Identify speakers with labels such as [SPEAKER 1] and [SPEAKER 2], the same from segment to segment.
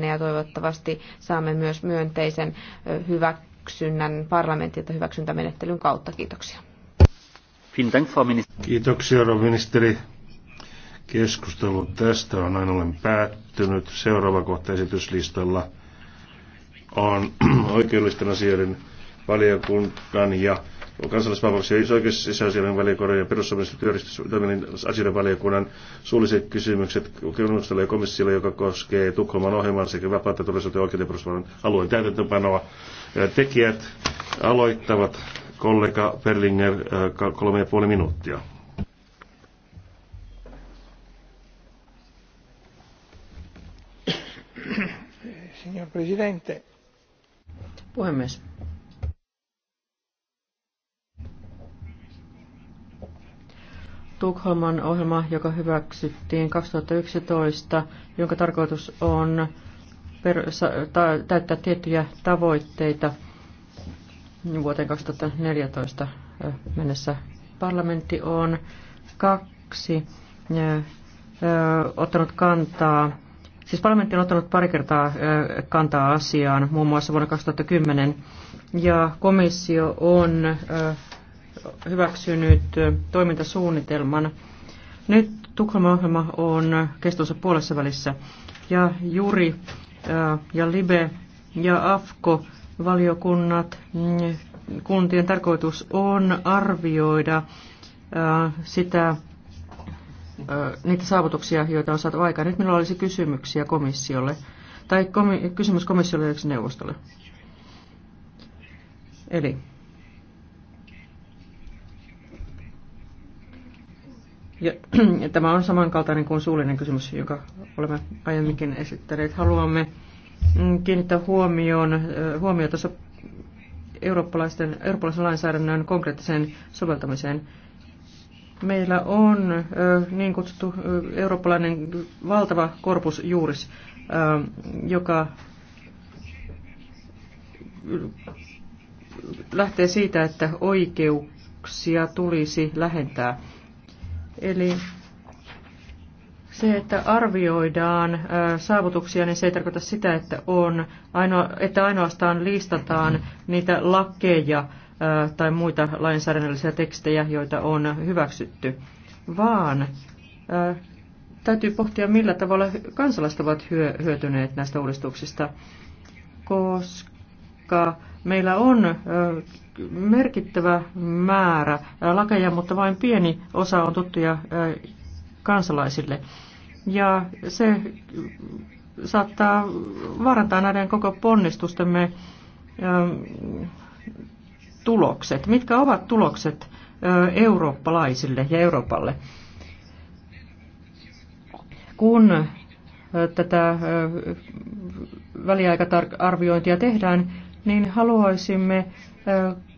[SPEAKER 1] ne ja toivottavasti saamme myös myönteisen hyväksynnän parlamentilta hyväksyntämenettelyn kautta. Kiitoksia.
[SPEAKER 2] Kiitoksia, ministeri. Keskustelu tästä on aina ollen päättynyt. Seuraava kohta esityslistalla on oikeudellisten asioiden valiokunnan ja kansalaisvapauksien ihmisoikeus, sisäasiallinen valiokunnan ja perussuomalaisen työllistystoiminnan asioiden valiokunnan suulliset kysymykset neuvostolle ja komissiolle, joka koskee Tukholman ohjelman sekä vapaata todellisuutta ja oikeuden perusvallan alueen täytäntöpanoa. Tekijät aloittavat kollega Perlinger äh, kolme ja puoli minuuttia.
[SPEAKER 3] Signor Presidente. Puhemies. Tukholman ohjelma, joka hyväksyttiin 2011, jonka tarkoitus on per, sa, ta, täyttää tiettyjä tavoitteita vuoteen 2014 mennessä. Parlamentti on kaksi ö, ö, ottanut kantaa Siis parlamentti on ottanut pari kertaa kantaa asiaan, muun muassa vuonna 2010, ja komissio on hyväksynyt toimintasuunnitelman. Nyt Tukholman ohjelma on kestonsa puolessa välissä. Ja Juri ja Libe ja AFKO valiokunnat, mm, kuntien tarkoitus on arvioida sitä, niitä saavutuksia, joita on saatu aikaan. Nyt minulla olisi kysymyksiä komissiolle, tai komi- kysymys komissiolle ja neuvostolle. Eli Ja, tämä on samankaltainen kuin suullinen kysymys, jonka olemme aiemminkin esittäneet. Haluamme mm, kiinnittää huomioon, huomiota so, eurooppalaisten, eurooppalaisen lainsäädännön konkreettiseen soveltamiseen. Meillä on niin kutsuttu eurooppalainen valtava korpus juuris, joka lähtee siitä, että oikeuksia tulisi lähentää – Eli se, että arvioidaan saavutuksia, niin se ei tarkoita sitä, että, on ainoa, että ainoastaan listataan niitä lakeja tai muita lainsäädännöllisiä tekstejä, joita on hyväksytty, vaan täytyy pohtia, millä tavalla kansalaiset ovat hyötyneet näistä uudistuksista, koska meillä on merkittävä määrä lakeja, mutta vain pieni osa on tuttuja kansalaisille. Ja se saattaa vaarantaa näiden koko ponnistustemme tulokset. Mitkä ovat tulokset eurooppalaisille ja Euroopalle? Kun tätä väliaikatarkarviointia tehdään, niin haluaisimme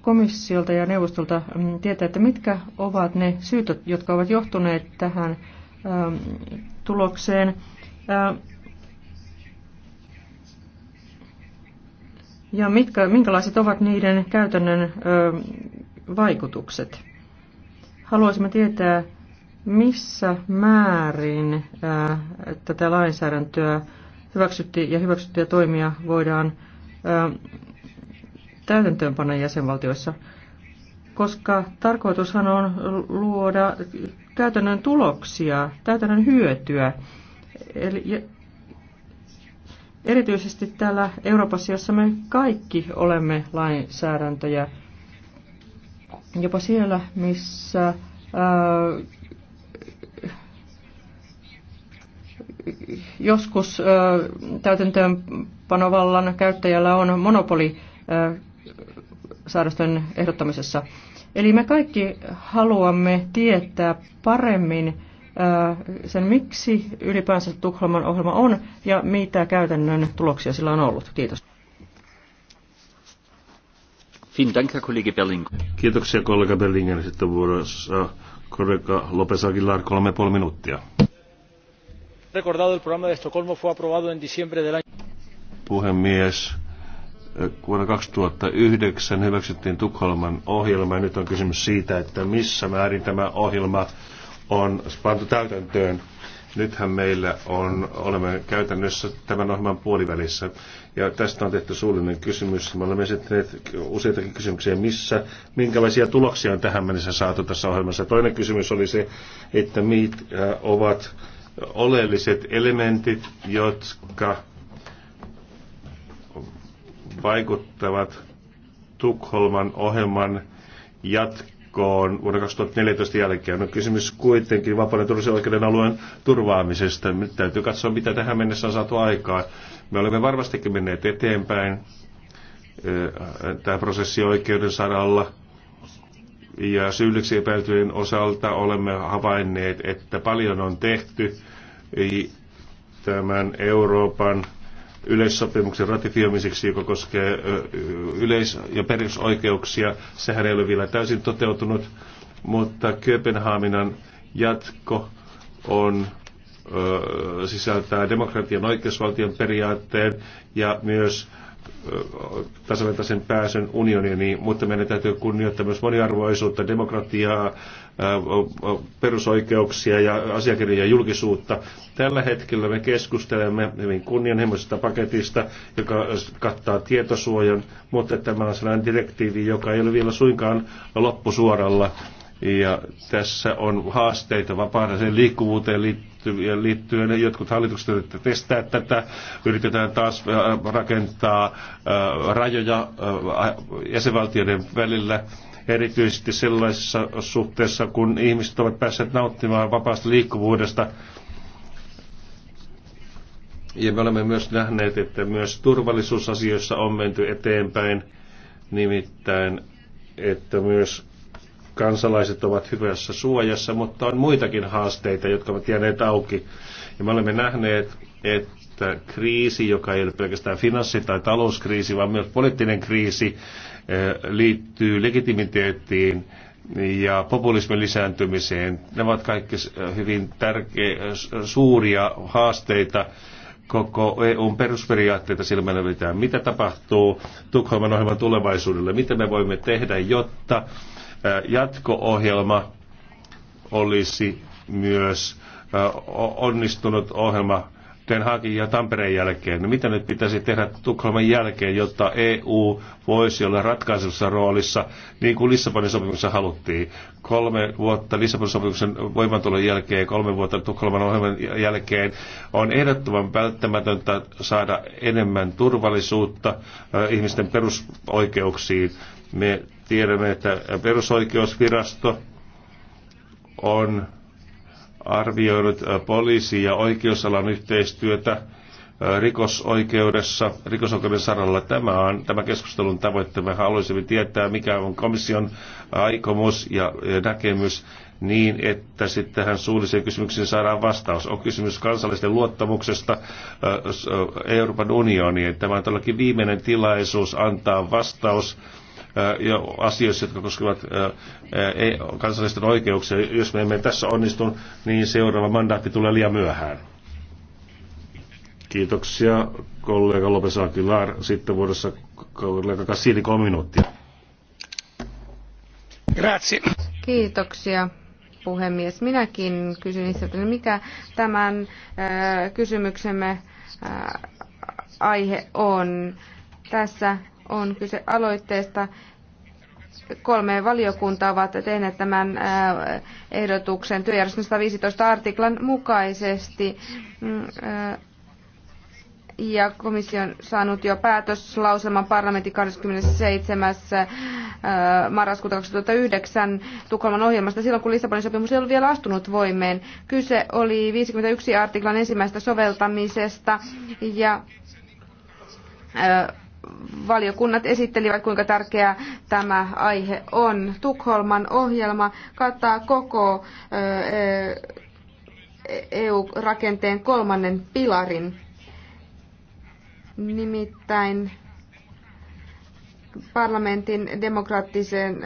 [SPEAKER 3] komissiolta ja neuvostolta mm, tietää, että mitkä ovat ne syyt, jotka ovat johtuneet tähän ähm, tulokseen. Äh, ja mitkä, minkälaiset ovat niiden käytännön ähm, vaikutukset? Haluaisimme tietää, missä määrin äh, tätä lainsäädäntöä hyväksyttiin ja hyväksyttyjä toimia voidaan ähm, täytäntöönpano jäsenvaltioissa, koska tarkoitushan on luoda käytännön tuloksia, käytännön hyötyä. Eli erityisesti täällä Euroopassa, jossa me kaikki olemme lainsäädäntöjä, jopa siellä, missä ää, joskus ää, täytäntöönpanovallan käyttäjällä on monopoli ää, säädösten ehdottamisessa. Eli me kaikki haluamme tietää paremmin äh, sen, miksi ylipäänsä Tukholman ohjelma on ja mitä käytännön tuloksia sillä on ollut. Kiitos.
[SPEAKER 2] Kiitoksia kollega Berlingen. Sitten vuorossa kollega Lopes Aguilar, kolme puoli minuuttia.
[SPEAKER 4] Recordado el programa de Estocolmo fue aprobado en diciembre del año.
[SPEAKER 2] Puhemies, Vuonna 2009 hyväksyttiin Tukholman ohjelma ja nyt on kysymys siitä, että missä määrin tämä ohjelma on pantu täytäntöön. Nythän meillä on, olemme käytännössä tämän ohjelman puolivälissä. Ja tästä on tehty suullinen kysymys. Me olemme esittäneet useitakin kysymyksiä, missä, minkälaisia tuloksia on tähän mennessä saatu tässä ohjelmassa. Toinen kysymys oli se, että mitkä äh, ovat oleelliset elementit, jotka vaikuttavat Tukholman ohjelman jatkoon vuonna 2014 jälkeen. No kysymys kuitenkin vapaan oikeuden alueen turvaamisesta. Nyt täytyy katsoa, mitä tähän mennessä on saatu aikaa? Me olemme varmastikin menneet eteenpäin tämä prosessi oikeuden saralla. Ja syylliksi epäiltyjen osalta olemme havainneet, että paljon on tehty tämän Euroopan yleissopimuksen ratifioimiseksi, joka koskee yleis- ja perusoikeuksia. Sehän ei ole vielä täysin toteutunut, mutta Kööpenhaaminan jatko on sisältää demokratian oikeusvaltion periaatteen ja myös tasavertaisen pääsyn unioniin, niin, mutta meidän täytyy kunnioittaa myös moniarvoisuutta, demokratiaa, perusoikeuksia ja asiakirjojen julkisuutta. Tällä hetkellä me keskustelemme hyvin kunnianhimoisesta paketista, joka kattaa tietosuojan, mutta tämä on sellainen direktiivi, joka ei ole vielä suinkaan loppusuoralla. Ja tässä on haasteita vapaaseen liikkuvuuteen liittyen liittyen, liittyen jotkut hallitukset yrittävät testää tätä, yritetään taas äh, rakentaa äh, rajoja äh, jäsenvaltioiden välillä erityisesti sellaisessa suhteessa, kun ihmiset ovat päässeet nauttimaan vapaasta liikkuvuudesta. Ja me olemme myös nähneet, että myös turvallisuusasioissa on menty eteenpäin, nimittäin, että myös kansalaiset ovat hyvässä suojassa, mutta on muitakin haasteita, jotka ovat jääneet auki. Ja me olemme nähneet, että kriisi, joka ei ole pelkästään finanssi- tai talouskriisi, vaan myös poliittinen kriisi, eh, liittyy legitimiteettiin ja populismin lisääntymiseen. Ne ovat kaikki hyvin tärkeä, suuria haasteita koko EUn perusperiaatteita silmällä pitää. Mitä tapahtuu Tukholman ohjelman tulevaisuudelle? Mitä me voimme tehdä, jotta Jatko-ohjelma olisi myös onnistunut ohjelma Den Hagin ja Tampereen jälkeen. No, mitä nyt pitäisi tehdä Tukholman jälkeen, jotta EU voisi olla ratkaisussa roolissa, niin kuin Lissabonin sopimuksessa haluttiin. Kolme vuotta Lissabonin sopimuksen voimantulon jälkeen, kolme vuotta Tukholman ohjelman jälkeen on ehdottoman välttämätöntä saada enemmän turvallisuutta ihmisten perusoikeuksiin. Me Tiedämme, että perusoikeusvirasto on arvioinut äh, poliisi- ja oikeusalan yhteistyötä äh, rikosoikeudessa, rikosoikeuden saralla. Tämä on tämä keskustelun tavoitte. Me haluaisimme tietää, mikä on komission aikomus ja näkemys niin, että sitten tähän suulliseen kysymykseen saadaan vastaus. On kysymys kansallisten luottamuksesta äh, Euroopan unioniin. Tämä on todellakin viimeinen tilaisuus antaa vastaus ja asioissa, jotka koskevat e, kansallisten oikeuksia. Jos me emme tässä onnistu, niin seuraava mandaatti tulee liian myöhään. Kiitoksia kollega Lopes Aguilar. Sitten vuodessa kollega Cassini kolme minuuttia.
[SPEAKER 1] Grazie. Kiitoksia puhemies. Minäkin kysyn itseltäni, mikä tämän kysymyksemme aihe on. Tässä on kyse aloitteesta. Kolme valiokuntaa ovat tehneet tämän ehdotuksen työjärjestyksen 115 artiklan mukaisesti mm, ja komissio on saanut jo päätöslauselman parlamentin 27. marraskuuta 2009 Tukholman ohjelmasta silloin, kun Lissabonin sopimus ei ollut vielä astunut voimeen. Kyse oli 51 artiklan ensimmäisestä soveltamisesta ja valiokunnat esittelivät, kuinka tärkeä tämä aihe on. Tukholman ohjelma kattaa koko EU-rakenteen kolmannen pilarin. Nimittäin parlamentin demokraattisen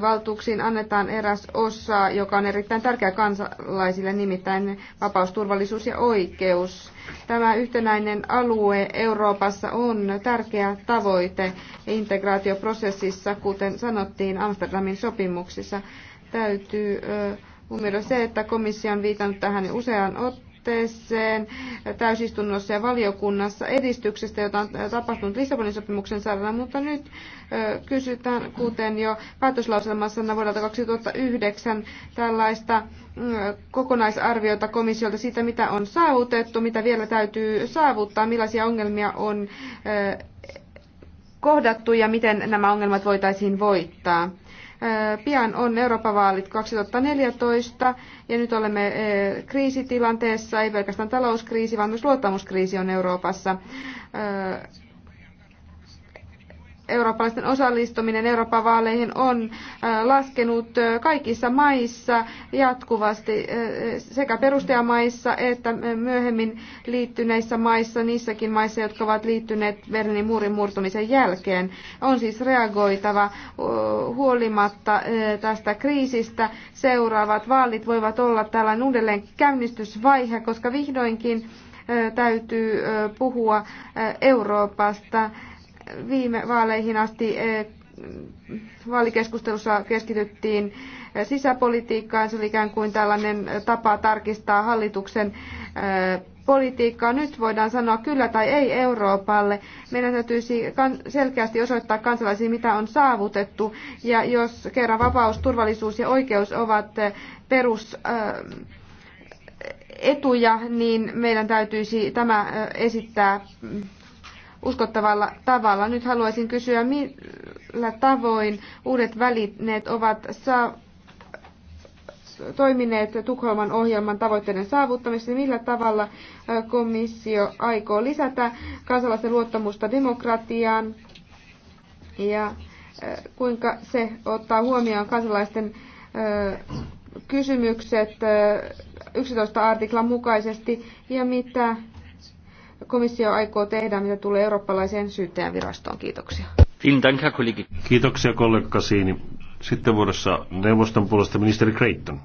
[SPEAKER 1] valtuuksiin annetaan eräs osa, joka on erittäin tärkeä kansalaisille, nimittäin vapaus, turvallisuus ja oikeus. Tämä yhtenäinen alue Euroopassa on tärkeä tavoite integraatioprosessissa, kuten sanottiin Amsterdamin sopimuksissa. Täytyy huomioida se, että komissio on viitannut tähän useaan otteeseen otteeseen täysistunnossa ja valiokunnassa edistyksestä, jota on tapahtunut Lissabonin sopimuksen saralla, mutta nyt kysytään, kuten jo päätöslauselmassa vuodelta 2009, tällaista kokonaisarviota komissiolta siitä, mitä on saavutettu, mitä vielä täytyy saavuttaa, millaisia ongelmia on kohdattu ja miten nämä ongelmat voitaisiin voittaa. Pian on Euroopan vaalit 2014 ja nyt olemme kriisitilanteessa, ei pelkästään talouskriisi, vaan myös luottamuskriisi on Euroopassa eurooppalaisten osallistuminen Euroopan vaaleihin on laskenut kaikissa maissa jatkuvasti, sekä perustajamaissa että myöhemmin liittyneissä maissa, niissäkin maissa, jotka ovat liittyneet Berliinin muurin murtumisen jälkeen. On siis reagoitava huolimatta tästä kriisistä. Seuraavat vaalit voivat olla tällainen uudelleen käynnistysvaihe, koska vihdoinkin täytyy puhua Euroopasta Viime vaaleihin asti eh, vaalikeskustelussa keskityttiin eh, sisäpolitiikkaan. Se oli ikään kuin tällainen tapa tarkistaa hallituksen eh, politiikkaa. Nyt voidaan sanoa kyllä tai ei Euroopalle. Meidän täytyisi selkeästi osoittaa kansalaisiin, mitä on saavutettu. Ja jos kerran vapaus, turvallisuus ja oikeus ovat perus etuja, niin meidän täytyisi tämä esittää mm, uskottavalla tavalla. Nyt haluaisin kysyä, millä tavoin uudet välineet ovat saa toimineet Tukholman ohjelman tavoitteiden saavuttamiseksi, millä tavalla komissio aikoo lisätä kansalaisten luottamusta demokratiaan ja kuinka se ottaa huomioon kansalaisten kysymykset 11 artiklan mukaisesti ja mitä komissio aikoo tehdä, mitä tulee eurooppalaiseen syyttäjänvirastoon. Kiitoksia.
[SPEAKER 5] Kiitoksia kollega
[SPEAKER 2] Kasiini. Sitten vuodessa neuvoston puolesta ministeri Creighton.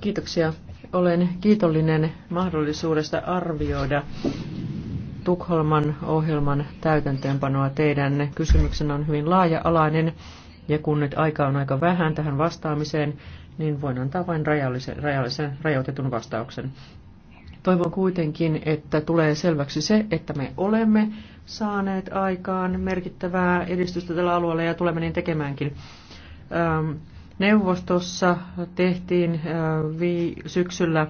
[SPEAKER 3] Kiitoksia. Olen kiitollinen mahdollisuudesta arvioida Tukholman ohjelman täytäntöönpanoa teidän. Kysymyksen on hyvin laaja-alainen ja kun nyt aika on aika vähän tähän vastaamiseen, niin voin antaa vain rajallisen, rajallisen rajoitetun vastauksen. Toivon kuitenkin, että tulee selväksi se, että me olemme saaneet aikaan merkittävää edistystä tällä alueella ja tulemme niin tekemäänkin. Ähm, neuvostossa tehtiin äh, syksyllä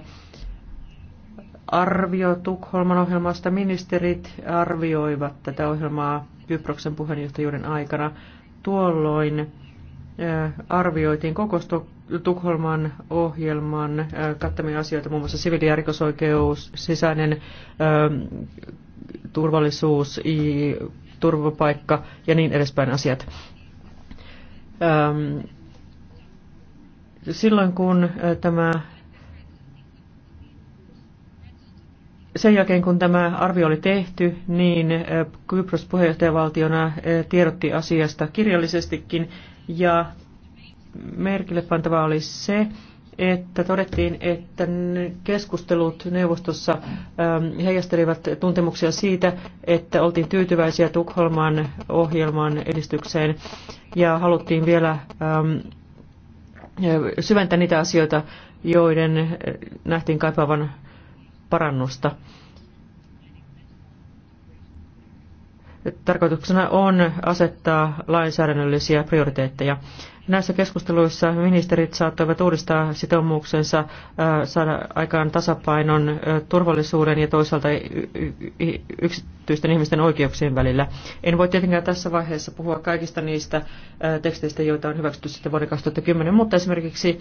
[SPEAKER 3] arvio Tukholman ohjelmasta. Ministerit arvioivat tätä ohjelmaa Kyproksen puheenjohtajuuden aikana tuolloin arvioitiin koko Tukholman ohjelman kattamia asioita, muun muassa siviili- ja rikosoikeus, sisäinen turvallisuus, turvapaikka ja niin edespäin asiat. Silloin kun tämä sen jälkeen, kun tämä arvio oli tehty, niin Kypros puheenjohtajavaltiona tiedotti asiasta kirjallisestikin ja merkille pantavaa oli se, että todettiin, että keskustelut neuvostossa heijastelivat tuntemuksia siitä, että oltiin tyytyväisiä Tukholman ohjelman edistykseen ja haluttiin vielä syventää niitä asioita, joiden nähtiin kaipaavan parannusta. Tarkoituksena on asettaa lainsäädännöllisiä prioriteetteja. Näissä keskusteluissa ministerit saattoivat uudistaa sitoumuksensa äh, saada aikaan tasapainon äh, turvallisuuden ja toisaalta yksityisten ihmisten oikeuksien välillä. En voi tietenkään tässä vaiheessa puhua kaikista niistä äh, teksteistä, joita on hyväksytty sitten vuoden 2010, mutta esimerkiksi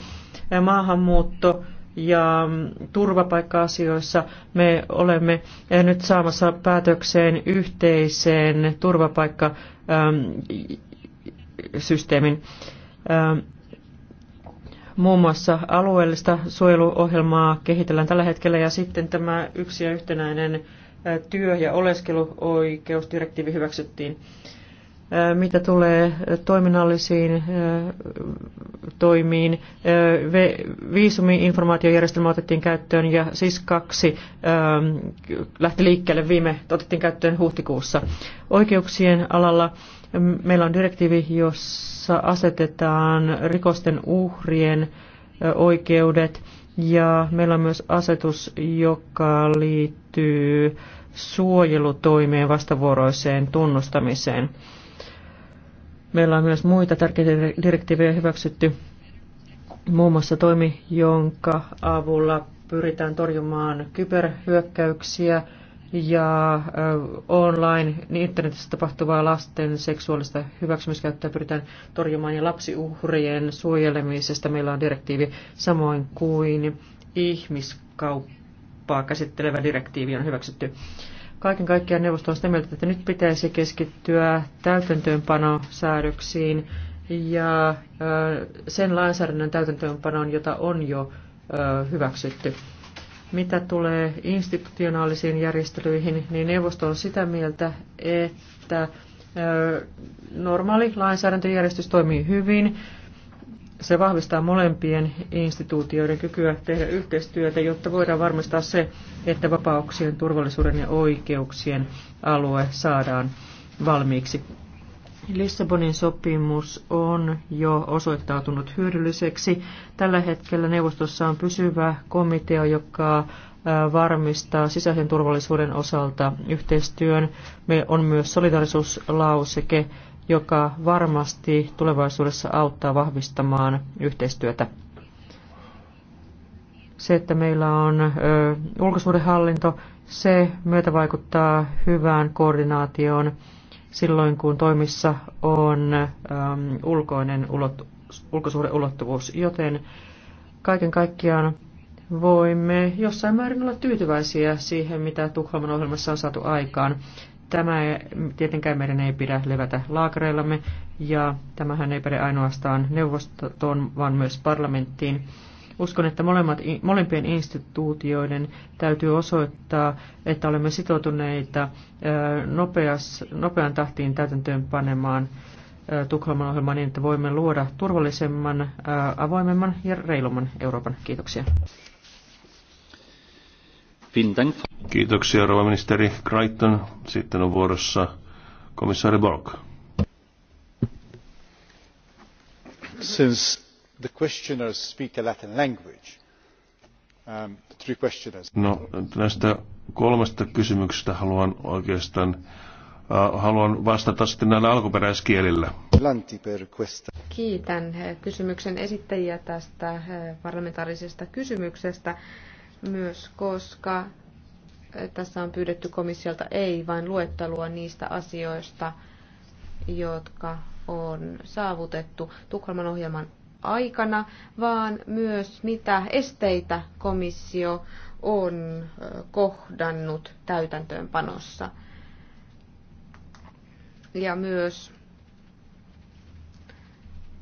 [SPEAKER 3] maahanmuutto, ja turvapaikka-asioissa me olemme eh, nyt saamassa päätökseen yhteiseen turvapaikkasysteemin ähm, ähm, muun muassa alueellista suojeluohjelmaa kehitellään tällä hetkellä ja sitten tämä yksi ja yhtenäinen äh, työ- ja oleskeluoikeusdirektiivi hyväksyttiin mitä tulee toiminnallisiin toimiin, viisumi-informaatiojärjestelmä otettiin käyttöön ja siis kaksi lähti liikkeelle viime, otettiin käyttöön huhtikuussa. Oikeuksien alalla meillä on direktiivi, jossa asetetaan rikosten uhrien oikeudet ja meillä on myös asetus, joka liittyy suojelutoimien vastavuoroiseen tunnustamiseen. Meillä on myös muita tärkeitä direktiivejä hyväksytty, muun muassa toimi, jonka avulla pyritään torjumaan kyberhyökkäyksiä ja online niin internetissä tapahtuvaa lasten seksuaalista hyväksymiskäyttöä pyritään torjumaan ja lapsiuhrien suojelemisesta meillä on direktiivi samoin kuin ihmiskauppaa käsittelevä direktiivi on hyväksytty kaiken kaikkiaan neuvosto on sitä mieltä, että nyt pitäisi keskittyä täytäntöönpanosäädöksiin ja sen lainsäädännön täytäntöönpanoon, jota on jo hyväksytty. Mitä tulee institutionaalisiin järjestelyihin, niin neuvosto on sitä mieltä, että normaali lainsäädäntöjärjestys toimii hyvin se vahvistaa molempien instituutioiden kykyä tehdä yhteistyötä, jotta voidaan varmistaa se, että vapauksien, turvallisuuden ja oikeuksien alue saadaan valmiiksi. Lissabonin sopimus on jo osoittautunut hyödylliseksi. Tällä hetkellä neuvostossa on pysyvä komitea, joka varmistaa sisäisen turvallisuuden osalta yhteistyön. Me on myös solidarisuuslauseke, joka varmasti tulevaisuudessa auttaa vahvistamaan yhteistyötä. Se, että meillä on ö, ulkosuudenhallinto, se myötä vaikuttaa hyvään koordinaatioon silloin, kun toimissa on ö, ulkoinen ulottu, ulkosuhdeulottuvuus, joten kaiken kaikkiaan voimme jossain määrin olla tyytyväisiä siihen, mitä Tukholman ohjelmassa on saatu aikaan. Tämä ei, tietenkään meidän ei pidä levätä laakereillamme, ja tämähän ei päde ainoastaan neuvostoon, vaan myös parlamenttiin. Uskon, että molemmat, molempien instituutioiden täytyy osoittaa, että olemme sitoutuneita nopeas, nopean tahtiin täytäntöön panemaan Tukholman ohjelmaa niin, että voimme luoda turvallisemman, avoimemman ja reilumman Euroopan. Kiitoksia.
[SPEAKER 2] Kiitoksia, rouva ministeri Crichton. Sitten on vuorossa komissaari Borg.
[SPEAKER 5] Since the questioners speak a Latin language, um, the three questioners... No,
[SPEAKER 2] näistä kolmesta kysymyksestä haluan oikeastaan uh, haluan vastata sitten näillä alkuperäiskielillä.
[SPEAKER 1] Kiitän äh, kysymyksen esittäjiä tästä äh, parlamentaarisesta kysymyksestä myös, koska tässä on pyydetty komissiolta ei vain luettelua niistä asioista, jotka on saavutettu Tukholman ohjelman aikana, vaan myös mitä esteitä komissio on kohdannut täytäntöönpanossa. Ja myös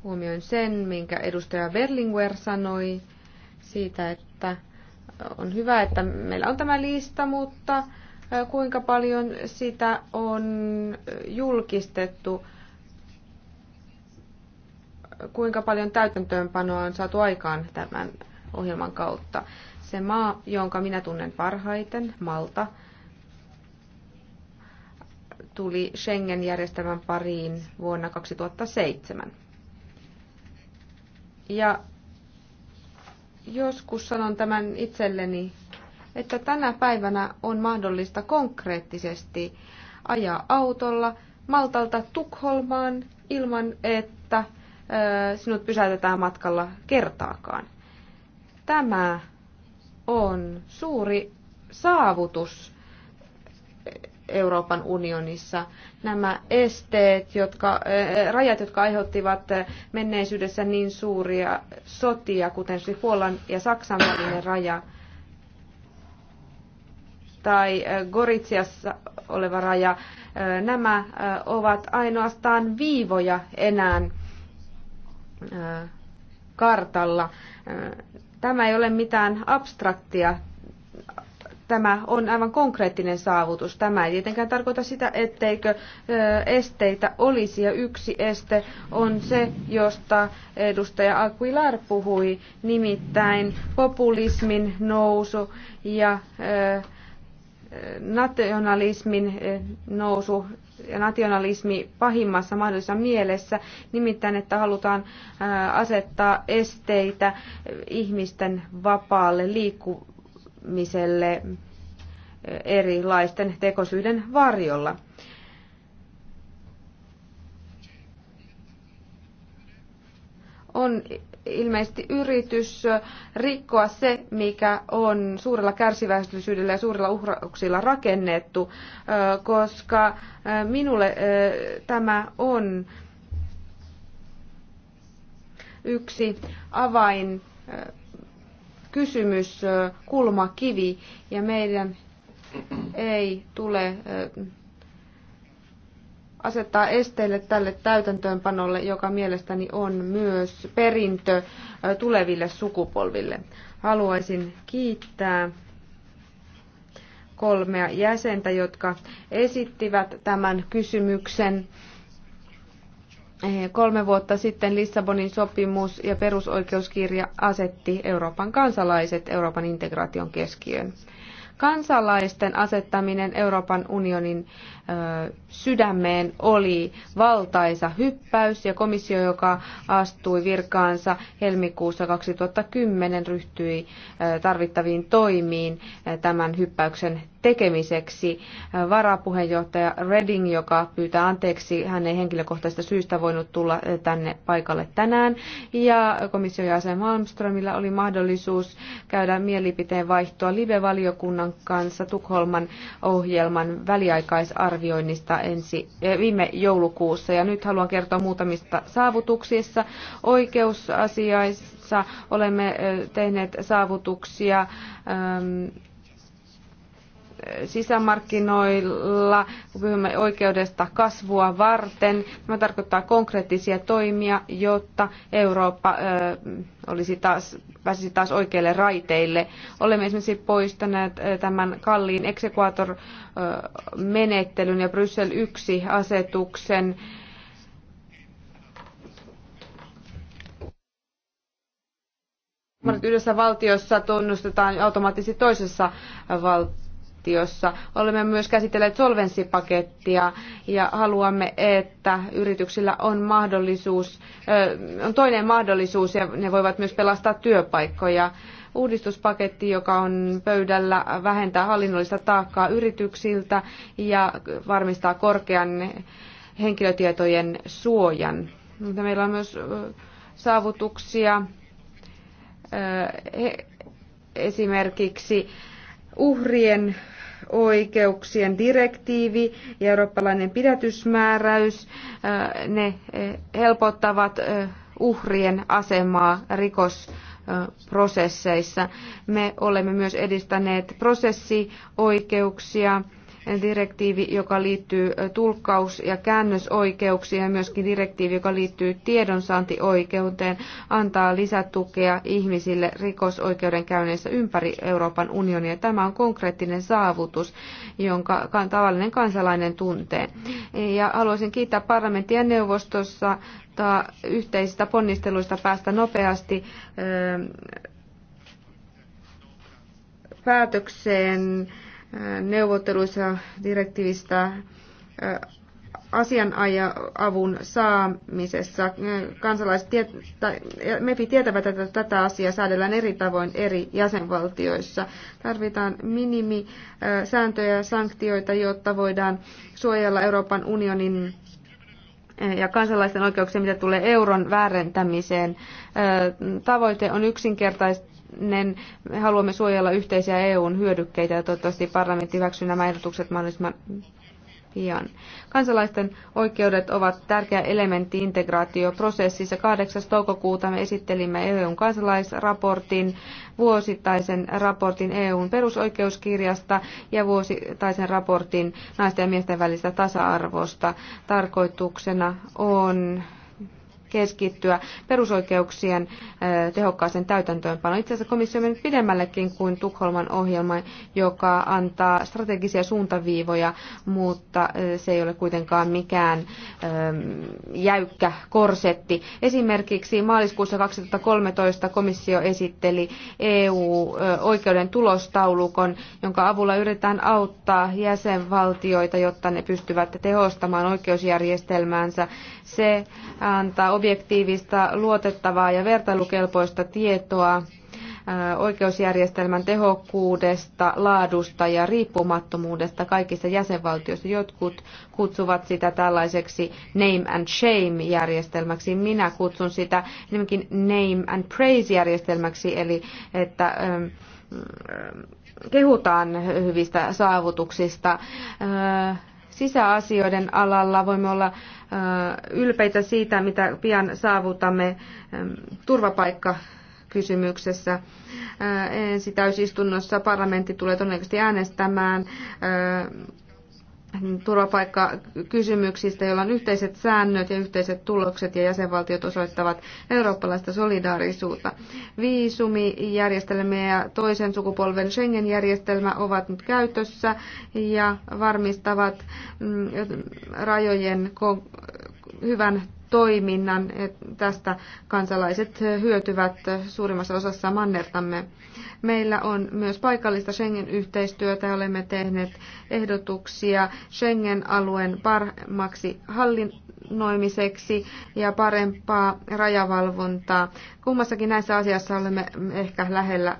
[SPEAKER 1] huomioin sen, minkä edustaja Berlinguer sanoi siitä, että on hyvä, että meillä on tämä lista, mutta kuinka paljon sitä on julkistettu, kuinka paljon täytäntöönpanoa on saatu aikaan tämän ohjelman kautta. Se maa, jonka minä tunnen parhaiten, Malta, tuli Schengen-järjestelmän pariin vuonna 2007. Ja Joskus sanon tämän itselleni, että tänä päivänä on mahdollista konkreettisesti ajaa autolla Maltalta Tukholmaan ilman, että sinut pysäytetään matkalla kertaakaan. Tämä on suuri saavutus Euroopan unionissa. Nämä esteet, jotka, eh, rajat, jotka aiheuttivat eh, menneisyydessä niin suuria sotia, kuten siis Puolan ja Saksan välinen raja, tai eh, Goritsiassa oleva raja, nämä ovat ainoastaan viivoja enää kartalla. Tämä ei ole mitään abstraktia Tämä on aivan konkreettinen saavutus. Tämä ei tietenkään tarkoita sitä, etteikö esteitä olisi. Ja yksi este on se, josta edustaja Aquilar puhui, nimittäin populismin nousu ja nationalismin nousu ja nationalismi pahimmassa mahdollisessa mielessä, nimittäin että halutaan asettaa esteitä ihmisten vapaalle liikkuvuudelle pakenemiselle erilaisten tekosyiden varjolla. On ilmeisesti yritys rikkoa se, mikä on suurella kärsivällisyydellä ja suurilla uhrauksilla rakennettu, koska minulle tämä on yksi avain kysymys, kulmakivi, ja meidän ei tule asettaa esteille tälle täytäntöönpanolle, joka mielestäni on myös perintö tuleville sukupolville. Haluaisin kiittää kolmea jäsentä, jotka esittivät tämän kysymyksen. Eh, kolme vuotta sitten Lissabonin sopimus ja perusoikeuskirja asetti Euroopan kansalaiset Euroopan integraation keskiöön. Kansalaisten asettaminen Euroopan unionin ö, sydämeen oli valtaisa hyppäys ja komissio, joka astui virkaansa helmikuussa 2010, ryhtyi ö, tarvittaviin toimiin tämän hyppäyksen tekemiseksi. Varapuheenjohtaja Redding, joka pyytää anteeksi, hän ei henkilökohtaisesta syystä voinut tulla eh, tänne paikalle tänään. Ja komission jäsen Malmströmillä oli mahdollisuus käydä mielipiteen vaihtoa live-valiokunnan kanssa Tukholman ohjelman väliaikaisarvioinnista ensi, eh, viime joulukuussa. Ja nyt haluan kertoa muutamista saavutuksissa. Oikeusasiaissa olemme eh, tehneet saavutuksia. Ehm, sisämarkkinoilla, kun puhumme oikeudesta kasvua varten. Tämä tarkoittaa konkreettisia toimia, jotta Eurooppa olisi taas, pääsisi taas oikeille raiteille. Olemme esimerkiksi poistaneet tämän kalliin exequator-menettelyn ja Bryssel 1-asetuksen. yhdessä valtiossa tunnustetaan automaattisesti toisessa valtiossa transaktiossa. Olemme myös käsitelleet solvenssipakettia ja haluamme, että yrityksillä on mahdollisuus, on toinen mahdollisuus ja ne voivat myös pelastaa työpaikkoja uudistuspaketti, joka on pöydällä, vähentää hallinnollista taakkaa yrityksiltä ja varmistaa korkean henkilötietojen suojan. Meillä on myös saavutuksia esimerkiksi uhrien oikeuksien direktiivi ja eurooppalainen pidätysmääräys, äh, ne äh, helpottavat äh, uhrien asemaa rikosprosesseissa. Me olemme myös edistäneet prosessioikeuksia direktiivi, joka liittyy tulkkaus- ja käännösoikeuksiin ja myöskin direktiivi, joka liittyy tiedonsaantioikeuteen, antaa lisätukea ihmisille rikosoikeudenkäynneissä ympäri Euroopan unionia. Tämä on konkreettinen saavutus, jonka tavallinen kansalainen tuntee. Ja haluaisin kiittää parlamenttia neuvostossa yhteisistä ponnisteluista päästä nopeasti päätökseen neuvotteluissa direktiivistä asianavun saamisessa. Kansalaiset tiet, tai, tietävät, että tätä asiaa säädellään eri tavoin eri jäsenvaltioissa. Tarvitaan minimisääntöjä ja sanktioita, jotta voidaan suojella Euroopan unionin ja kansalaisten oikeuksia, mitä tulee euron väärentämiseen. Tavoite on yksinkertaista Nen me haluamme suojella yhteisiä EUn hyödykkeitä ja toivottavasti parlamentti hyväksyy nämä ehdotukset mahdollisimman pian. Kansalaisten oikeudet ovat tärkeä elementti integraatioprosessissa. 8. toukokuuta me esittelimme EUn kansalaisraportin, vuosittaisen raportin EUn perusoikeuskirjasta ja vuosittaisen raportin naisten ja miesten välistä tasa-arvosta. Tarkoituksena on keskittyä perusoikeuksien tehokkaaseen täytäntöönpanoon. Itse asiassa komissio on mennyt pidemmällekin kuin Tukholman ohjelma, joka antaa strategisia suuntaviivoja, mutta se ei ole kuitenkaan mikään jäykkä korsetti. Esimerkiksi maaliskuussa 2013 komissio esitteli EU-oikeuden tulostaulukon, jonka avulla yritetään auttaa jäsenvaltioita, jotta ne pystyvät tehostamaan oikeusjärjestelmäänsä. Se antaa objektiivista, luotettavaa ja vertailukelpoista tietoa oikeusjärjestelmän tehokkuudesta, laadusta ja riippumattomuudesta kaikissa jäsenvaltioissa. Jotkut kutsuvat sitä tällaiseksi name and shame-järjestelmäksi. Minä kutsun sitä nimenkin name and praise-järjestelmäksi, eli että kehutaan hyvistä saavutuksista sisäasioiden alalla. Voimme olla ylpeitä siitä, mitä pian saavutamme turvapaikka kysymyksessä. Ensi täysistunnossa parlamentti tulee todennäköisesti äänestämään niin, turvapaikkakysymyksistä, joilla on yhteiset säännöt ja yhteiset tulokset ja jäsenvaltiot osoittavat eurooppalaista solidaarisuutta. Viisumijärjestelmä ja toisen sukupolven Schengen-järjestelmä ovat nyt käytössä ja varmistavat mm, rajojen hyvän toiminnan. Tästä kansalaiset hyötyvät suurimmassa osassa mannertamme. Meillä on myös paikallista Schengen-yhteistyötä ja olemme tehneet ehdotuksia Schengen-alueen parhaimmaksi hallin, hallinnoimiseksi ja parempaa rajavalvontaa. Kummassakin näissä asiassa olemme ehkä lähellä